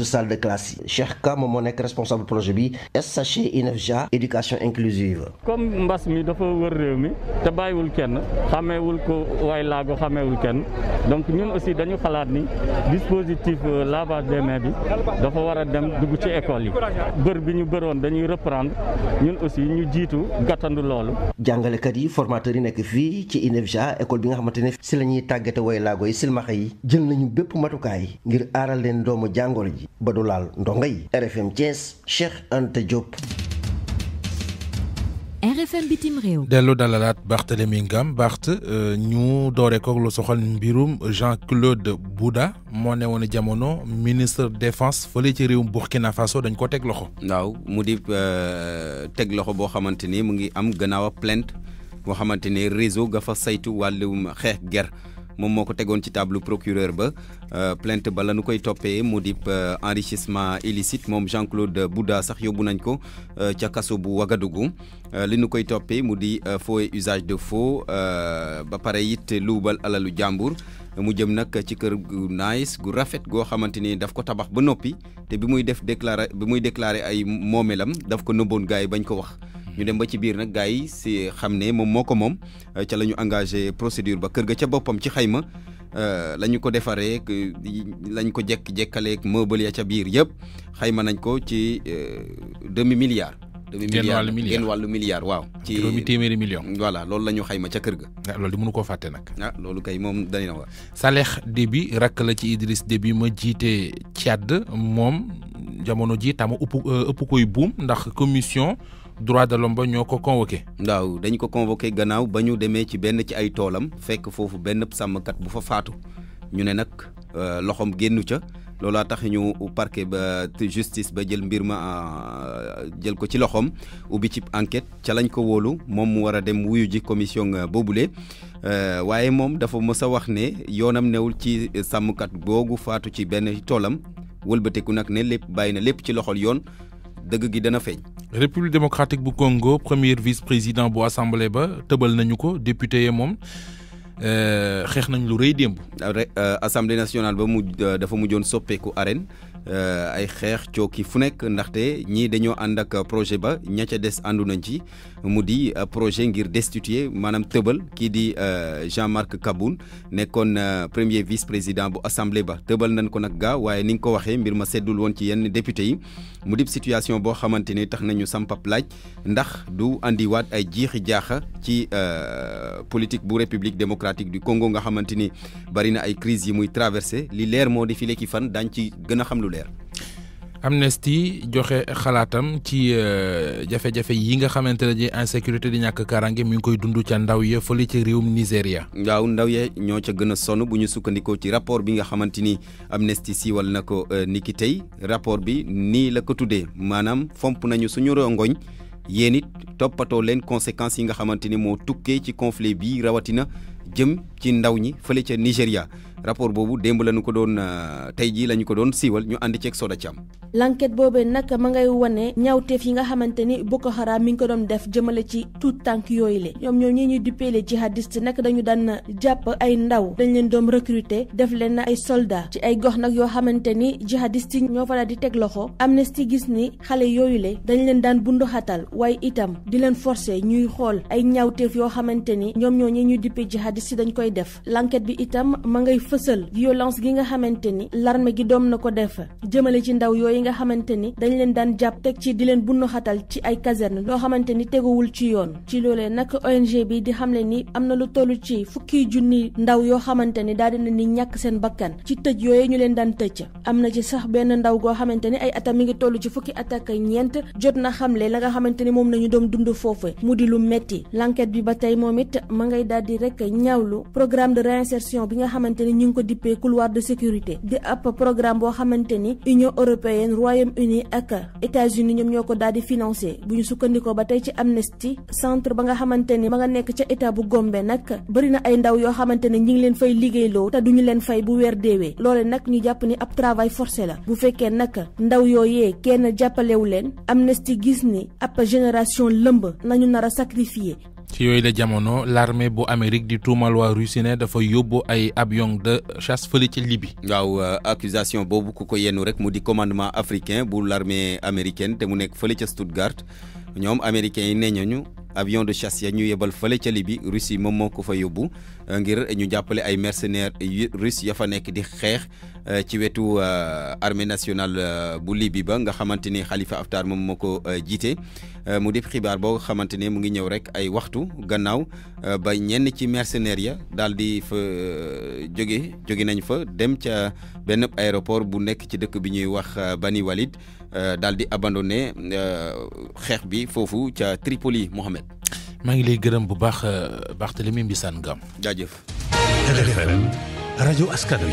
buntu salle de classe yi Cheikh Ka moom responsable projet bi SHE INEFJA éducation inclusive comme mbas mi dafa wër réew mi te bàyyiwul kenn xaméwul ko way la go xaméwul kenn donc ñun aussi dañu xalaat ni dispositif euh, lavage des mains bi dafa wara dem dugg ci école yi bër bi ñu bëroon dañuy reprendre ñun aussi ñu jiitu gàttandu loolu kat yi formateur yi nekk fi ci INEFJA école bi nga xamante ci lañuy la ñuy tàggate way laago yi silmaxa yi jël nañu bépp matukaay ngir aaral leen doomu jàngoro ji ba du laal RFM Thiès Cheikh Anta Diop. RFM bitim Réo. dellu dalalaat Barthélémy Ngam Barth euh, ñu doore ko lo soxal mbirum Jean-Claude Bouda mo ne woon jamono ministre défense fële ci réewum Burkina Faso dañ ko teg loxo. waaw mu di euh, teg loxo bo xamante ni mu ngi am gannaaw plainte bo xamante réseau ga fa saytu walum xex ger moom moo ko tegoon ci table procureur ba euh, plainte ba la nu koy toppee euh, enrichissement illicite moom Jean Claude Bouda sax yóbbu nañ ko euh, ca kaso bu Wagadugu li nu koy toppee mu di faux usage de faux ba pare it luubal alalu jàmbur mu jëm nag ci kër gu nice gu rafet goo xamante ni daf ko tabax ba noppi te bi muy def déclaré bi muy déclaré ay moomelam daf ko nëbboon gars yi ko wax ñu dem ba ci biir nag gars si xam ne moom moo ko moom ca la ñu engagé procédure ba kër ga ca boppam ci xayma euh, la ñu ko defaree lañ ko jekk-jekkaleeg meuble ya ca biir yëpp xayma nañ ko ci euh, demi milliard demi milliard genn wàllu milliard waaw. ci juróomi téeméeri million. voilà loolu la ñu xayma ca kër ga. ah loolu di mënu koo fàtte nag. ah loolu kay moom dañu na wa. Saleh rakk la ci Idriss Déby ma jiite Tchad moom jamono ji tama ëpp euh, ëpp koy buum ndax commission. droit de l'homme ba ñoo ko convoqué. waaw dañ ko convoqué gannaaw ba ñu demee ci benn ci ay toolam fekk foofu benn sàmmkat bu fa faatu ñu ne nag euh, loxoom génnu ca loolaa tax ñu parquet ba justice ba jël mbir ma euh, jël ko ci loxoom ubbi ci enquête ca lañ ko wóolu moom mu war a dem wuyu ji commission euh, boobule waaye moom dafa mës a wax ne yoonam newul ci sàmmkat googu faatu ci benn toolam wëlbateku nag ne lépp bàyyi na lépp ci loxol yoon. dëgg gi dana feeñ. république démocratique bu Congo premier vice président bu assemblée ba tëbal nañu ko député yi moom euh, xeex nañ lu rëy démb. Euh, assemblée nationale ba mu euh, dafa mujjoon soppeeku arène ay xeex cooki fu nekk ndaxte ñii dañoo ànd ak projet ba ña ca des àndu nañ ci. mu di euh, projet ngir destituer manam tëbal ki di euh, Jean-Marc Kaboun nekkoon euh, premier vice président bu assemblée ba tëbal nan ko nak ga waye ni nga ko waxee mbir ma seddul won ci yenn député yi mu di situation bo xamanteni tax nañu sampap laaj ndax du wat ay jiixi jaxa ci politique bu république démocratique du Congo nga xamanteni bari na ay crise yi muy traverser li leer moo di ki lekki fan daañ ci gëna xam lu leer Amnesty joxe xalaatam ci euh, jafe-jafe yi nga xamante ne ji insécurité di ñàkk kaaraange mi ngi koy dund ca ndaw ya fële ci réewum Nigéria. waaw ndaw ye ñoo ca gën a sonn bu ñu sukkandikoo ci rapport bi nga xamante ni Amnesty siiwal na ko euh, ni ki tey rapport bi nii la ko tuddee maanaam fomp nañu suñu rongoñ yéen it toppatoo leen conséquence yi nga xamante ni moo tukkee ci conflit bi rawatina jëm ci ndaw ñi fële ca Nigéria. rapport boobu démb la ko doon euh, tey jii la ñu ko doon siiwal ñu ànd ceeg Soda Thiam. l'enquête boobee nag ma ngay wane ñaawteef yi nga xamante ni ko Haram mi ngi ko doon def jëmale ci tuut tànk yooyu la ñoom ñoo ñii ñuy duppeele jihadiste nag dañu daan jàpp ay ndaw dañ leen doon recruter def leen na ay soldaa ci ay gox nag yoo xamante ni jihadiste ñoo fa daal di teg loxo Amnesty gis ni xale yooyu la dañ leen daan bunduxatal waaye itam di leen forcer ñuy xool ay ñaawteef yoo xamante ni ñoom ñoo ñii ñuy duppee jihadiste dañ koy def l'enquête bi itam fësal violence gi nga xamante ni l'armée gi doom na ko def jëmale ci ndaw yooyu nga xamante ni dañ leen daan jàpp teg ci di leen bunn xatal ci ay caserne loo xamante ni teguwul ci yoon ci loolee nag ONG bi di xamle ni am na lu toll ci fukki junni ndaw yoo xamante ni daal na ni ñàkk seen bakkan ci tëj yooyu ñu leen daan tëj am na ci sax benn ndaw goo xamante ni ay atam mi ngi toll ci fukki at ak ñeent jot na xamle la nga xamante ni moom nañu doom dund foofu mu di lu metti l'enquête bi ba tey moom it ma ngay daal di rek ñaawlu ñu ngi ko dippee couloir de sécurité di ab programme boo xamante ni Union européenne Royaume-Uni ak États-Unis ñoom ñoo ko daal di financé bu ñu sukkandikoo ba tey ci Amnesty centre ba nga xamante ni ma nga nekk ca état bu Gombe nag bëri na ay ndaw yoo xamante ne ñi ngi leen fay liggéeyloo te duñu leen fay bu weer deewee loole nag ñu jàpp ni ab travail forcé la bu fekkee nag ndaw yooyee kenn jàppalewu leen Amnesty gis ni ab génération lëmb nañu nar a sacrifier ci yooyu la jamono l'armée bu Amérique di tuumal waa Russie ne dafa yóbbu ay avion de chasse fële ci Libye. waaw euh, accusation boobu ku ko yennu rek mu di commandement africain bu l'armée américaine te mu nekk fële ca Stuttgart ñoom américain yi nee avion de chasse ya ñu yebal fële ca Libye Russie moom moo ko fa yóbbu ngir ñu appelé ay mercenaires russes ya fa nek di xex euh, ci euh, armée nationale euh, bu Libye nga Khalifa Haftar mom moko jité mu def xibar bo xamanteni mu ngi rek ay waxtu ba ñenn ci mercenaires ya daldi fa nañ aéroport bu nek, ci dëkk bi ñuy wax Bani Walid abandonné xex bi Tripoli Mohamed maa ngi lay gërëm bu baax euh, Barthélémy Mbissane Ngam. jaajëf. rajo askan wi.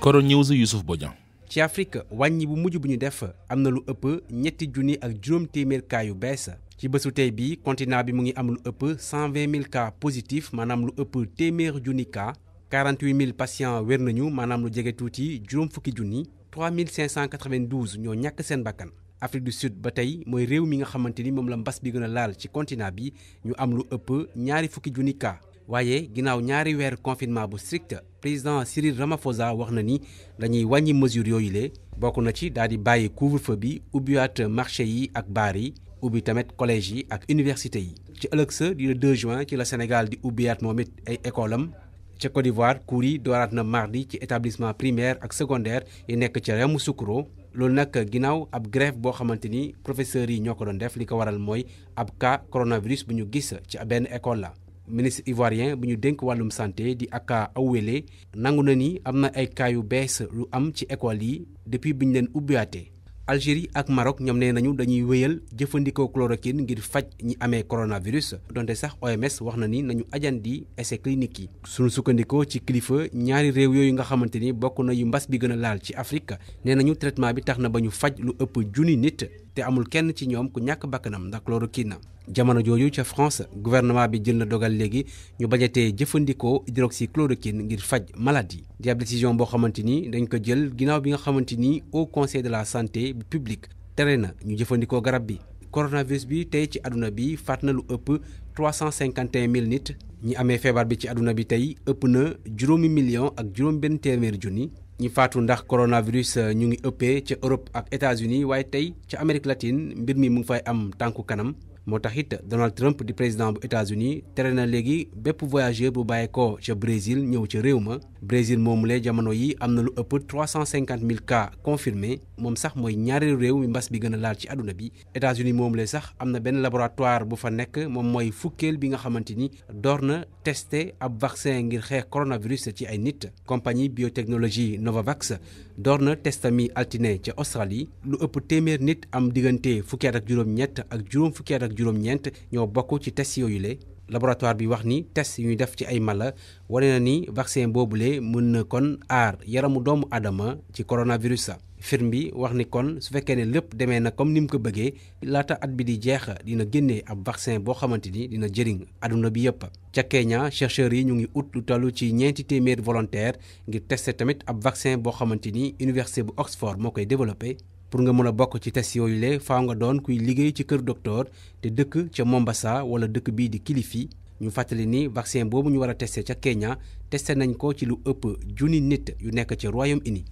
Koro News Youssouf Bodian. ci Afrique wàññi bu mujj bu ñu def am na lu ëpp ñetti junni ak juróom téeméer cas yu bees ci bésu tey bi continent bi mu ngi am lu ëpp 120 000 cas positifs maanaam lu ëpp téeméer junni cas 48 000 patients wér nañu maanaam lu jege tuuti juróom fukki junni 3592 ñoo ñàkk seen bakkan. Afrique du Sud ba tey mooy réew mi nga xamanteni mom la mbass bi gëna laal ci continent bi ñu am lu ëpp ñaari fukki junni cas waaye ñaari wër confinement bu strict président Cyril Ramaphosa wax na ni dañuy wañi mesure yooyu le bokk na ci daal di couvre-feu bi ubbiwaat marché yi ak baar yi ubbi tamit collège yi ak université yi. ci ëllëg sa di le 2 juin ci la Sénégal di ubbiwaat momit ay école am ci Côte d'Ivoire cours doorat na mardi ci établissement primaire ak secondaire yi nekk ca Yamoussoukro loolu nag ginnaaw ab grève boo xamante ni professeurs yi ñoo ko doon def li ko waral mooy ab cas coronavirus bu ñu gis ci benn école la. ministre ivoirien bu ñu dénk wàllum santé di Aka Awele nangu na ni am na ay cas yu bees lu am ci école yi depuis bi ñu leen ubbiwaatee. Algérie ak Maroc ñoom nee nañu dañuy wéyal jëfandikoo chloroquine ngir faj ñi amee coronavirus donte sax OMS wax na ni nañu ajan di essai clinique yi. suñu sukkandikoo ci kilifa ñaari réew yooyu nga xamante ni bokk nañu mbas bi gën a laal ci Afrique nee nañu traitement bi tax na ba ñu faj lu ëpp junni nit. te amul kenn ci ñoom ku ñàkk bakkanam ndax chloroquine jamono jooju ca France gouvernement bi jël na dogal léegi ñu bajatee jëfandikoo hydroxychloroquine ngir faj maladie di ab décision boo xamante ni dañ ko jël ginnaaw bi nga xamante ni au conseil de la santé bu publique tere na ñu jëfandikoo garab bi coronavirus bi tey ci aduna bi faat na lu ëpp 351 000 nit ñi amee feebar bi ci aduna bi tey ëpp na juróomi million ak juróom benn junni ñi faatu ndax coronavirus euh, ñu ngi ëppee ca Europe ak États-Unis waaye tey ca Amérique latin mbir mi mu ngi fay am tànku kanam moo tax Donald Trump di président bu États-Unis tere na léegi bépp voyageur bu bàyyeekoo ca Brésil ñëw ca réew ma Brésil moomulee jamono yi am na lu ëpp 350 000 cas confirmés moom sax mooy ñaari réew mi mbas bi gën a laal ci àdduna bi États-Unis moomulee sax am na benn laboratoire bu fa nekk moom mooy fukkeel bi nga xamante ni door testé ab vaccin ngir xeex coronavirus ci ay nit compagnie biotechnologie Novavax door na testami altine ca Australie lu ëpp téeméer nit am diggante fukkeet ak juróom-ñett ak juróom fukkeet ak juróom-ñeent ñoo bokk ci test yooyule laboratoire bi wax ni test yi def ci ay mala wane na ni vaccin boobule mën na kon aar yaramu doomu adama ci coronavirus sa firme bi wax ni kon su fekkee ne lépp demee na comme ni mu ko bëggee laata at bi di vaccin boo xamante ni dina aduna bi Kenya chercheurs yi ñu ngi ut lu ci ñeenti volontaire ngir tester tamit ab vaccin boo xamante Oxford moo koy pour nga mën a bokk ci test yooyu le nga doon kuy liggéey ci kër docteur te dëkk ca Mombasa wala dëkk bii di Kilifi ñu fàttali ni vaccin boobu ñu war a testé ca keña testé nañ ko ci lu ëpp junni nit yu nekk ca Royaume-Uni.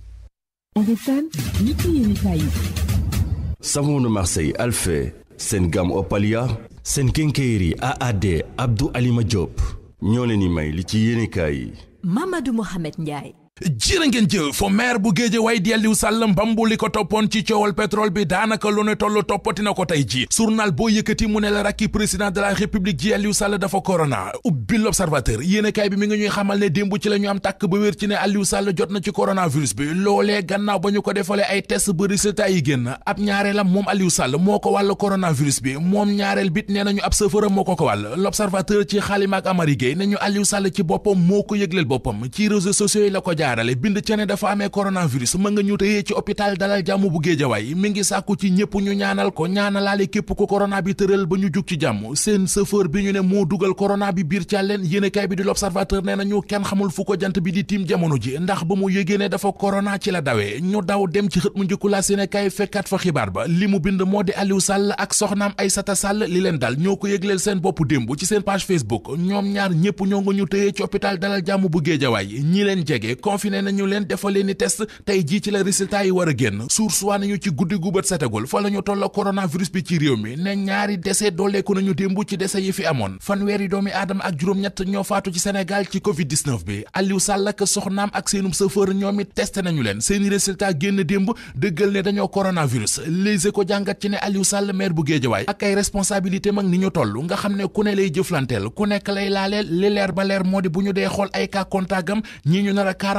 savon de Marseille Alphé seen gam Opalia seen kénkéeri AAD Abdou Alima Diop ñoo leen di may li ci yéenekaay yi. Mamadou Mohamed Ndiaye. jërë ngeen jëf maire bu Guédiawaye di Aliou Sall mbambu li ko toppoon ci coowal pétrole bi daanaka lu ne toll toppati na ko tey ji journal boo yëkkati mu ne la rakki président de la république ji Aliou Sall dafa corona ubbi l'observateur yéenekaay bi mi ngi ñuy xamal ne démb ci la ñu am tàkk ba wér ci ne Aliou Sall jot na ci coronavirus bi loolee gannaaw ba ñu ko defalee ay test ba résultat yi génn ab ñaareelam moom Aliou Sall moo ko wàll coronavirus bi moom ñaareel bit nee nañu ab safara moo ko ko wàll l'observateur ci xaalima ak Amari Gueye ne Sall ci boppam moo ko yëgleel boppam ci réseaux sociaux la ko jaar jaarale bind ca ne dafa amee coronavirus ma nga ñu tëyee ci hôpital dalal jàmm bu géejawaay mi bi tëral ba ñu jug ci jàmm seen la dawee ñu daw dem ci xët mu njëkku la yéenekaay fekkaat fa xibaar ba li mu bind leen jege confiné nañu leen defal leen i test tey jii ci la résultat yi war a génn source waa nañu ci guddi gu bët setagul fa la ñu tolla coronavirus bi ci réew mi ne ñaari décès dooleeku nañu démb ci décès yi fi amoon fanweeri doomi aadama ak juróom-ñett ñoo faatu ci Sénégal ci covid bi Aliou Sall ak soxnaam ak seenum chauffeur ñoom it nañu leen seeni résultat génn démb dëggal ne dañoo coronavirus Les Échos jàngat ci ne Aliou Sall maire bu Géejawaay ak ay responsabilité ni ñu toll nga xam ne ku ne lay jëflanteel ku nekk lay laaleel li leer ba moo di bu ñu dee xool ay cas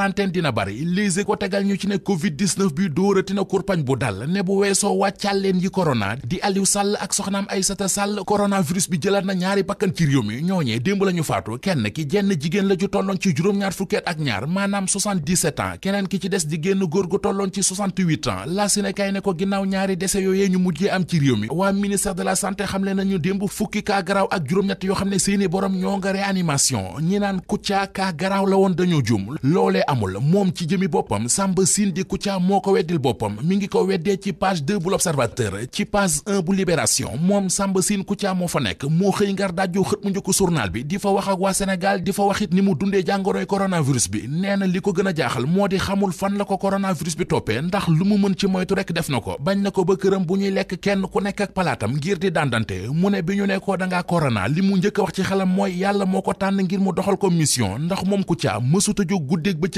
quarantaine dina bari Les Échos tegal ñu ci ne covid bi dóorati na kurpañ bu dal ne bu weesoo wàccal leen yi corona di Aliou Sall ak soxnaam Aïssata Sall coronavirus bi jëlaat na ñaari bakkan ci réew mi ñooñee démb la ñu faatu kenn ki jenn jigéen la ju tolloon ci juróom-ñaar fukkeet ak ñaar maanaam 77 ans keneen ki ci des di génn góor gu tolloon ci 68 ans la si ne kay ko ginnaaw ñaari dese yooyee ñu mujjee am ci réew mi waa ministère de la santé xam nañu démb fukki kaa yoo xam ne seeni borom ñoo nga réanimation ñi naan kuccaa kaa garaaw la woon dañoo jum loolee amul moom ci jëmi boppam Samba Sine di Kouthia moo ko weddil boppam mi ngi ko weddee ci page 2 bu l'Observateur ci page 1 bu Libération moom Samba Sine Kouthia moo fa nekk moo xëy ngar daajoo xët mu njëkk journal bi di fa wax ak waa Sénégal di fa waxit ni mu dundee jàngoroy coronavirus bi nee na li ko gën a jaaxal moo di xamul fan la ko coronavirus bi toppee ndax lu mu mën ci moytu rek def na ko bañ na ko ba këram bu ñuy lekk kenn ku nekk ak palaatam ngir di dandante mu ne bi ñu ne ko dangaa corona li mu njëkk wax ci xelam mooy moo ko tànn ngir mu doxal ko mission ndax moom Kouthia mësuta jóg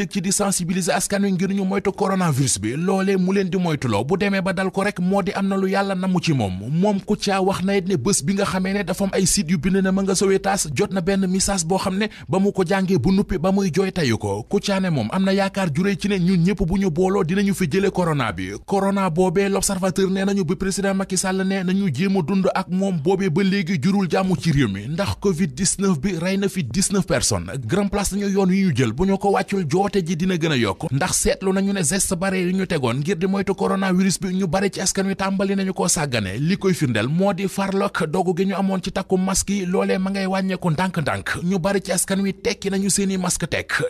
leen ci di sensibiliser askan wi ngir ñu moytu coronavirus bi loolee mu leen di moytuloo bu demee ba dal ko rek moo di am na lu yàlla namu ci moom moom Kouthia wax na it ne bés bi nga xamee ne dafa am ay site yu bind na ma nga Sowetaas jot na benn message boo xam ne ba mu ko jàngee bu nuppi ba muy jooy tayu ko Kouthia ne moom am na yaakaar juree ci ne ñu ñëpp bu ñu booloo dinañu fi jëlee corona bi corona boobee l'observateur nee nañu bi président Macky Sall ne nañu jéem a dund ak moom boobee ba léegi jurul jàmm ci réew mi ndax Covid 19 bi rey na fi 19 personnes grand place dañu yoon yu ñu jël bu ko wàccul joote woote ji dina gën a yokk ndax seetlu nañu ne geste barrière yi ñu tegoon ngir di moytu coronavirus bi ñu ci askan wi tàmbali nañu koo sàggane li koy firndeel moo di farlok dogu gi ñu amoon ci takku masque yi loolee ñu bari ci askan wi tekki nañu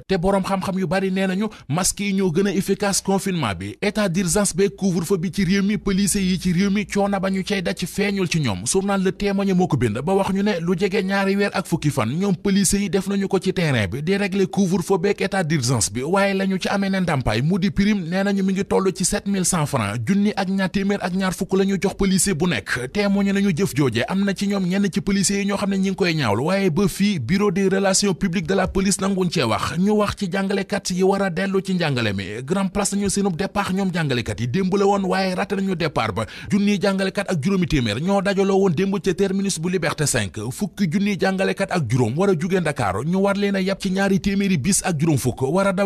te boroom xam-xam yu bari nee nañu masque yi ñoo gën a efficace confinement bi état d'urgence ba couvre-feu bi ci réew mi police yi ci réew mi coono ba ñu cay daj feeñul ci ñoom journal Le Témoin moo ko bind ba wax ñu ne lu jege ñaari weer ak fukki fan ñoom police yi def nañu ko ci terrain bi di régler couvre-feu beeg état d'urgence bi waaye la ñu ci amee ne ndàmpaay mu di prime nee nañu mi ngi toll ci 7100 francs junni ak ñaar téeméer ak ñaar fukk la ñu jox policier bu nekk témoigné nañu jëf jooje am na ci ñoom ñenn ci policiers yi ñoo xam ne ñi ngi koy ñaawlu waaye ba fii bureau des relations publiques de la police nanguñ cee wax ñu wax ci jàngalekat yi war a dellu ci njàngale mi grand place nañu seenub départ ñoom jàngalekat yi démb la woon waaye raté nañu départ a jugee Dakar ñu war leen a yàpp ci ñaari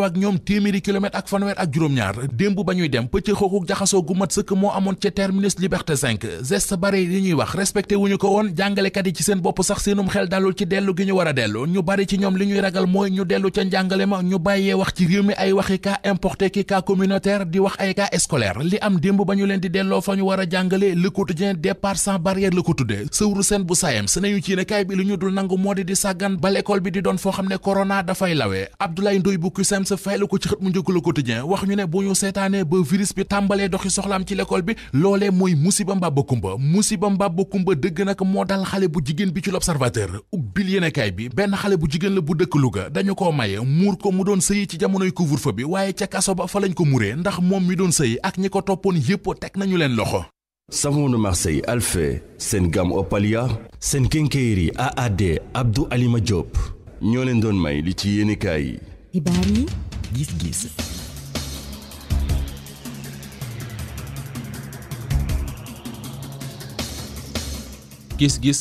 daw ak ñoom téeméeri kilomètre ak fanweer ak juróom-ñaar démb ba ñuy dem pëcc xooxuk jaxasoo gu mat sëkk moo amoon ca terminus liberté 5 bari yi ñuy wax respecté wuñu ko woon jàngalekat yi ci seen bopp sax seenum xel dalul ci dellu gi ñu war a dellu ñu bari ci ñoom li ñuy ragal mooy ñu dellu ca njàngale ma ñu bàyyee wax ci réew mi ay waxi cas importé ki cas communautaire di wax ay cas scolaire li am démb ba ñu leen di delloo fa ñu war a jàngale le quotidien départ sans barrière la ko tuddee bi li ñu dul sa fay la ko ci xët mu njëkk Le Quotidien wax ñu ne boo ñu seetaane ba virus bi tàmbalee doxi soxlaam ci lekkool bi loolee mooy musiba mbàbba kumba musiba mbàbba kumba dëgg nag moo dal xale bu jigéen bi ci l'Observateur ubbil yéenekaay bi benn xale bu jigéen la bu dëkk Louga dañu ko may muur ko mu doon sëyi ci jamonoy couvre-feu bi waaye ca kaso ba fa lañ ko muree ndax moom mi doon sëyi ak ñi ko toppoon yépp teg nañu leen loxo savon de Marseille Alphé seen gam Opalia seen kenkeeri AAD Abdou Alima Diop ñoo leen doon may li ci yéenekaay yi Ibali Gis-Gis.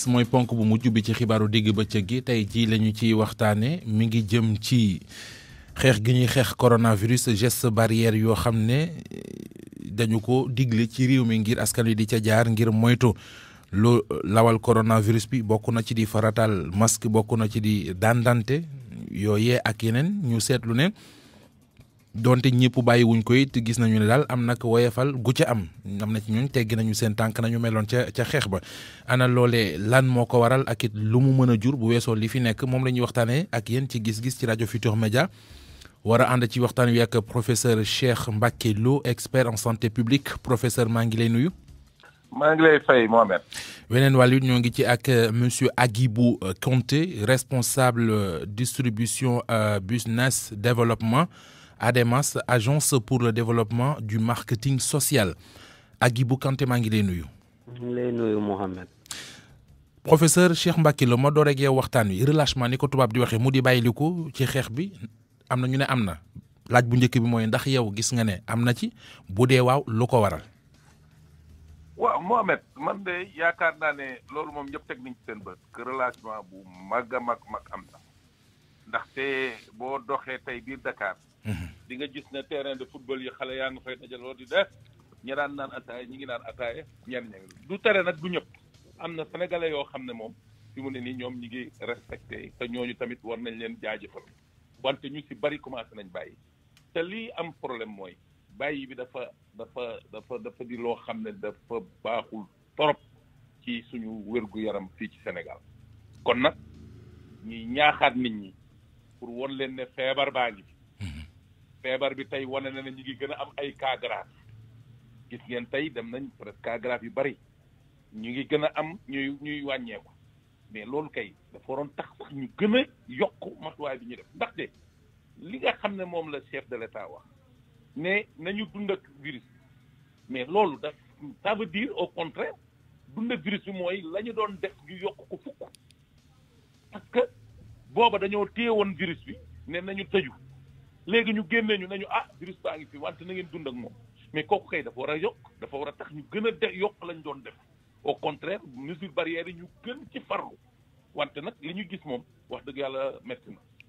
mooy ponk bu mujj bi ci xibaaru digg bëccëg gi tey jii lañu ciy waxtaane mi ngi jëm ci xeex gi ñuy xeex coronavirus geste barrière yoo xam ne eh, dañu ko digle ci réew mi ngir askan wi di ca jaar ngir moytu lu lawal coronavirus bi bokk na ci di faratal masque bokk na ci di dandante yoyé ak yenen ñu seetlu ne donte ñëpp bàyyiwuñ ko it gis nañu ne dal am nak woyefal gu ca am am na ci ñun teggi nañu seen tank nañu meloon ca ca xex ba ana lolé lan moko waral ak it lu mu mëna jur bu wéso li fi nekk mom la waxtané ak yeen ci gis-gis ci radio Futur Média Wara and ci waxtaan ak professeur Cheikh Mbacké Lo expert en santé publique professeur maa nuyu maa ngi lay fay Mohamed. weneen walit ñoo ngi ci ak euh, monsieur Agibou conté euh, responsable euh, distribution business développement ADEMAS agence pour le développement du marketing social Agibou Kanté maa ngi lay nuyu. lay nuyu Mohamed. professeur Cheikh Mbacke la ma door ak yow waxtaan wi relâchement ni ko tubaab di waxee mu di bàyyiliku ci xeex bi am na ñu ne am na laaj bu njëkk bi mooy ndax yow gis nga ne am na ci bu dee waaw lu ko waral. wa mohamed man de yaakaar naa ne loolu moom ñëpp teg nañ ci seen bët que relâchement bu mag mak mag mag am na ndaxte boo doxee tey biir dakar mhm. di nga gis ne terrain de football yi xale yaa nga fay dajaloo di def ñi daan naan ataaya ñi ngi naan ataaya ñen ña du tere nag du ñëpp am na sénégalais yoo xam ne moom fi mu ne nii ñoom ñi ngi respecté te ñooñu tamit war nañ leen jaajëfal wante ñu si bari commencé nañ bàyyi te lii am problème mooy bàyyi bi dafa dafa dafa dafa di loo xam ne dafa baaxul torop ci suñu wérgu yaram fii ci Sénégal kon nag ñi ñaaxaat nit ñi pour won leen ne feebar baa ngi mhm. feebar bi tey wane na ñi ngi gën a am ay cas gis ngeen tey dem nañ presque cas yu bari ñu ngi gën a am ñuy ñuy wàññeeku mais loolu kay dafa waroon tax sax ñu gën a yokk matuwaay bi ñu def ndaxte li nga xam ne moom la chef de l'État wax ne nañu dund ak virus mais loolu da ça veut dire au contraire dund ak virus bi mooy la ñu doon def ñu yokk ko fukk parce que booba dañoo téye woon virus bi ne nañu tëju léegi ñu génnee ñu nañu ah virus baa ngi fi wante na ngeen dund ak moom mais kooku kay dafa war a yokk dafa war a tax ñu gën a de yokk lañ doon def au contraire mesure barrière yi ñu gën ci farlu wante nag li ñu gis moom wax dëgg yàlla metti na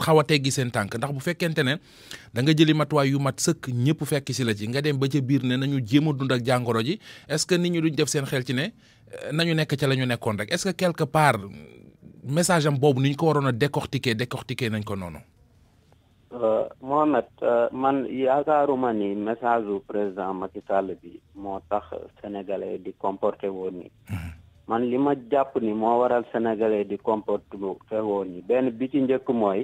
xaw a teggi seen tànk ndax bu fekkente ne danga nga jëli matuwaay yu mat sëkk ñëpp fekk si la ci nga dem ba ca biir ne nañu jéem a dund ak jàngoro ji est-ce que nit ñu duñ def seen xel ci ne eh, nañu nekk ca la ñu nekkoon rek est-ce que quelque part message am boobu ni ñu ko waroon a décortiquer décortiquer nañ ko noonu. Euh, Mohamed euh, man yaakaaruma ni message u président Macky Sall bi moo tax sénégalais di comporté woon ni mhm. man li ma jàpp ni moo waral sénégalais di comportement woon ni benn bi ci njëkk mooy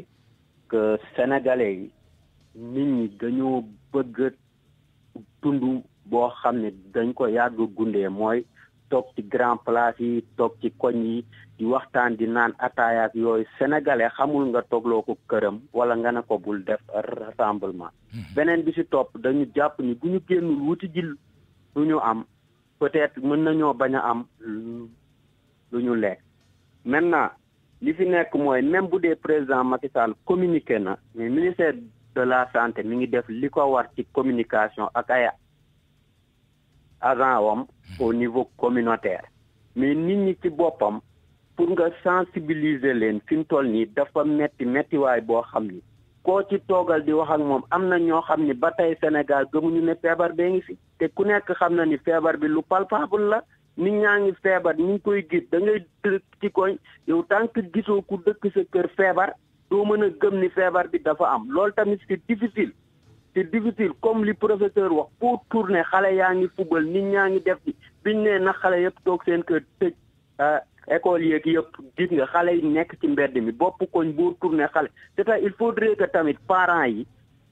que sénégalais yi nit ñi dañoo bëgg dund boo xam ne dañ ko yàgg gundee mooy toog ci grand place yi toog ci koñ yi di waxtaan di naan ataaya ak yooyu sénégalais xamul nga toogloo ko këram wala nga ne ko bul def rassemblement mhm. beneen bi si topp dañu jàpp ni bu ñu wuti jil lu am peut-être mën nañoo bañ a am lu ñu lekk maintenant li fi nekk mooy même bu dee président Macky Sall communiqué na mais ministère de la santé mi ngi def li ko war ci communication ak ay agent wam au niveau communautaire mais nit ñi ci boppam pour nga sensibiliser leen fi mu toll nii dafa metti mettiwaay boo xam ni ko ci toogal di wax ak moom am na ñoo xam ni ba tey Sénégal gëmuñu ne feebar bee ngi fi te ku nekk xam na ni feebar bi lu palpable la nit ñaa ngi feebar ñu ngi koy gis da ngay ci koñ yow tànk gisoo ku dëkk sa kër feebar doo mën a gëm ni feebar bi dafa am lool tamit c'est difficile c'est difficile comme li professeur wax pour tourner xale yaa ngi fubal nit ñaa ngi def bi biñ ne na xale yëpp toog seen kër tëj ah, école yeeg yëpp gis nga xale yi nekk ci mbedd mi bopp koñ boo tourner xale c'est-à-dire il faudrait tamit parent yi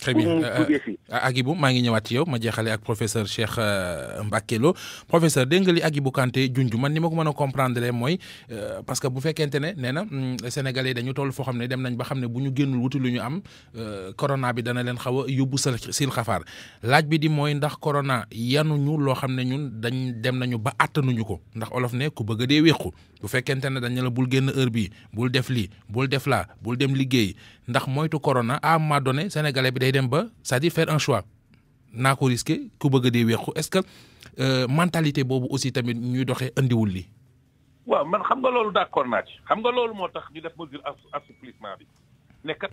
très bien euh, euh, Agibou maa ngi ñëwaat ci yow ma jeexale ak professeur Cheikh euh, Mbacké professeur dégg nga li Agibou Kanté man ni ma ko mën a comprendre mooy parce que bu fekkente ne nee na mm, sénégalais dañu toll foo xam ne dem nañ ba xam ne bu ñu génnul wuti lu ñu am corona bi dana leen xaw a yóbbu sa sil xafaar laaj bi di mooy ndax corona yanuñu loo xam ne ñun dañ dem nañu ba attanuñu ko ndax olof ne ku bëgg a dee wéqu bu fekkente ne dañ la bul génn heure bi bul def lii bul def laa bul dem liggéey ndax moytu corona à un moment donné sénégalais day dem ba c'est-à-dire faire un choix naa ko risqué ku bëgg a dee weexu est-ce que euh, mentalité boobu aussi tamit ñuy doxee andiwul li waaw man xam nga loolu d'accord naa ci xam nga loolu moo tax ñu def mesure assouplissement bi ne kat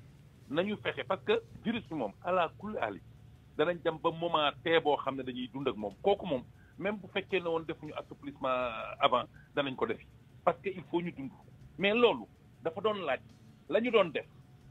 nañu fexe parce que virus bi moom ala kulli ali danañ dem ba moment tee boo xam ne dañuy dund ak moom kooku moom même bu fekkee ne woon defuñu assouplissement avant danañ ko defi parce que il faut ñu dund mais loolu dafa doon laaj la ñu doon def.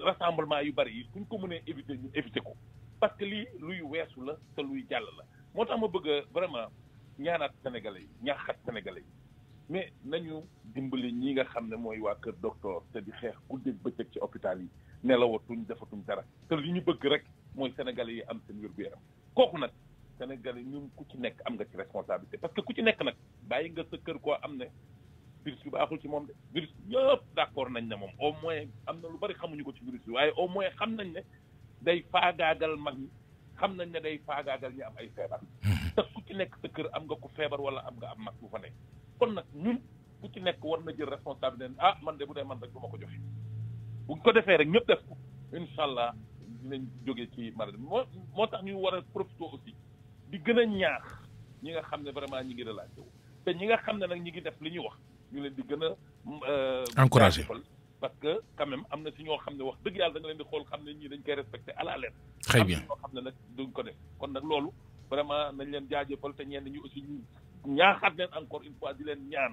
rassemblement yu bari yi suñ ko mënee éviter ñu éviter ko parce que lii luy weesu la te luy jàll la moo tax ma bëgg vraiment ñaanaat sénégalais yi ñaaxaat sénégalais yi mais nañu dimbali ñi nga xam ne mooy waa kër docteur te di xeex guddeeg bëccëg ci hôpital yi nelawatuñ defatuñ dara te li ñu bëgg rek mooy sénégalais yi am seen wér-gu-yaram kooku nag sénégalais ñu ku ci nekk am nga ci responsabilité parce que ku ci nekk nag bàyyi nga sa kër koo am ne virus yu baaxul ci moom de virus yëpp d' accord nañ ne moom au moins am na lu bari xamuñu ko ci virus bi waaye au moins xam nañ ne day faagaagal mag ñi xam nañ ne day faagaagal ñi am ay feebar mhm. te ku ci nekk sa kër am nga ko feebar wala am nga am mag bu fa nekk kon nag ñun ku ci nekk war na jël responsabilité ah man de bu dee man rek du ma ko joxe bu ko defee rek ñëpp def ko incha allah dinañ jóge ci malade moo moo tax ñu war a profité aussi di gën a ñaax ñi nga xam ne vraiment ñi ngi relaxé wu te ñi nga xam ne nag ñi ngi def li ñuy wax ñu leen di gën a. Euh, encouragé parce que quand même am na si ñoo xam ne wax dëgg yàlla da nga leen di xool xam ne ñii dañ koy respecté à la lettre. très bien ñoo xam ne nag duñ ko def kon nag loolu vraiment nañ leen jaajëfal te ñeen dañu aussi ñu ñaaxaat leen encore une fois di leen ñaan.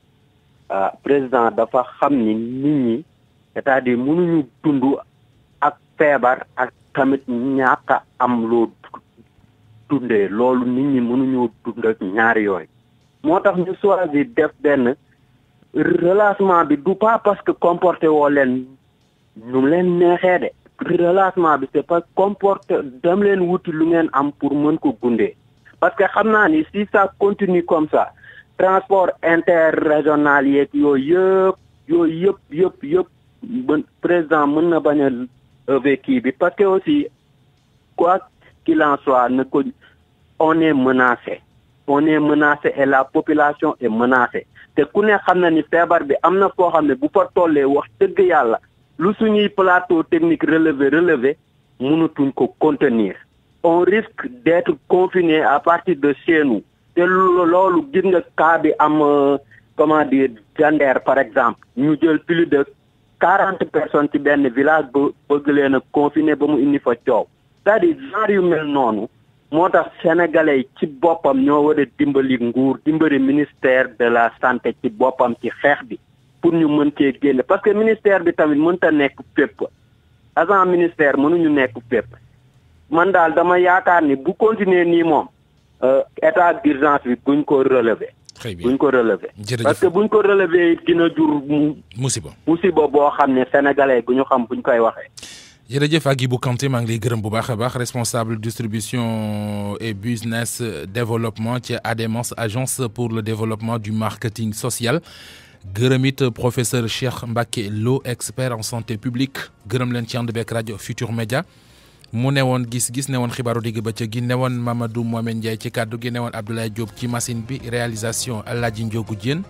Euh, président dafa xam ni nit ñi cest dire mënuñu dund ak feebar ak tamit ñàkk am loo dundee loolu nit ñi mënuñoo dund ak ñaari yooyu moo tax ñu choisir def benn relâchement bi du pas parce que comporté woo leen ñu leen neexee de relâchement bi c'est pas comporté dem leen wuti lu ngeen am pour mën ko gundee parce que xam naa ni si ça continue comme ça transport interrégional il y a yooyu yëpp yëpp yëpp président mën na bañ a bi parce que aussi quoi qu'il en soit ne on est menacé on est menacé et la population est menacée te ku ne xam na ni feebar bi am na foo xam ne bu fa tollee wax dëgg yàlla lu suñuy plateau technique relevé relevé mënatuñ ko contenir on risque d'être confiné à partir de chez nous te loolu gis nga cas bi am euh, comment dire Diender par exemple ñu jël plus de quarante personnes ci benn village ba bëgg leen a ba mu indi fa coow cest à genre yu mel noonu moo tax sénégalais ci boppam ñoo war dimbali nguur dimbali ministère de la santé ci boppam ci xeex bi pour ñu mën cee génne parce que ministère bi tamit mënta nekk fépp agent ministère mënuñu nekk fépp man daal dama yaakaar ni bu continuer nii moom Euh, état d'urgence bi buñ ko relever. très buñ ko relever. parce que buñ ko relevé dina jur mu. musiba musiba bo xamné sénégalais bu xam buñ koy waxee. jërëjëf Hadjibou Kanté maa ngi lay gërëm bu baax a baax responsable distribution et business développement ci ADEMAS agence pour le développement du marketing social gërëm professeur Cheikh Mbacké Lo expert en santé publique gërëm leen ci ànd beeg rajo Futur Média. mu ne woon gis-gis newoon xibaaru digg bëccëg gi newoon Mamadou Mohamed Ndiaye ci kàddu gi ne newoon Abdoulaye Diop ci machine bi réalisation Alaaji Ndiogu Diène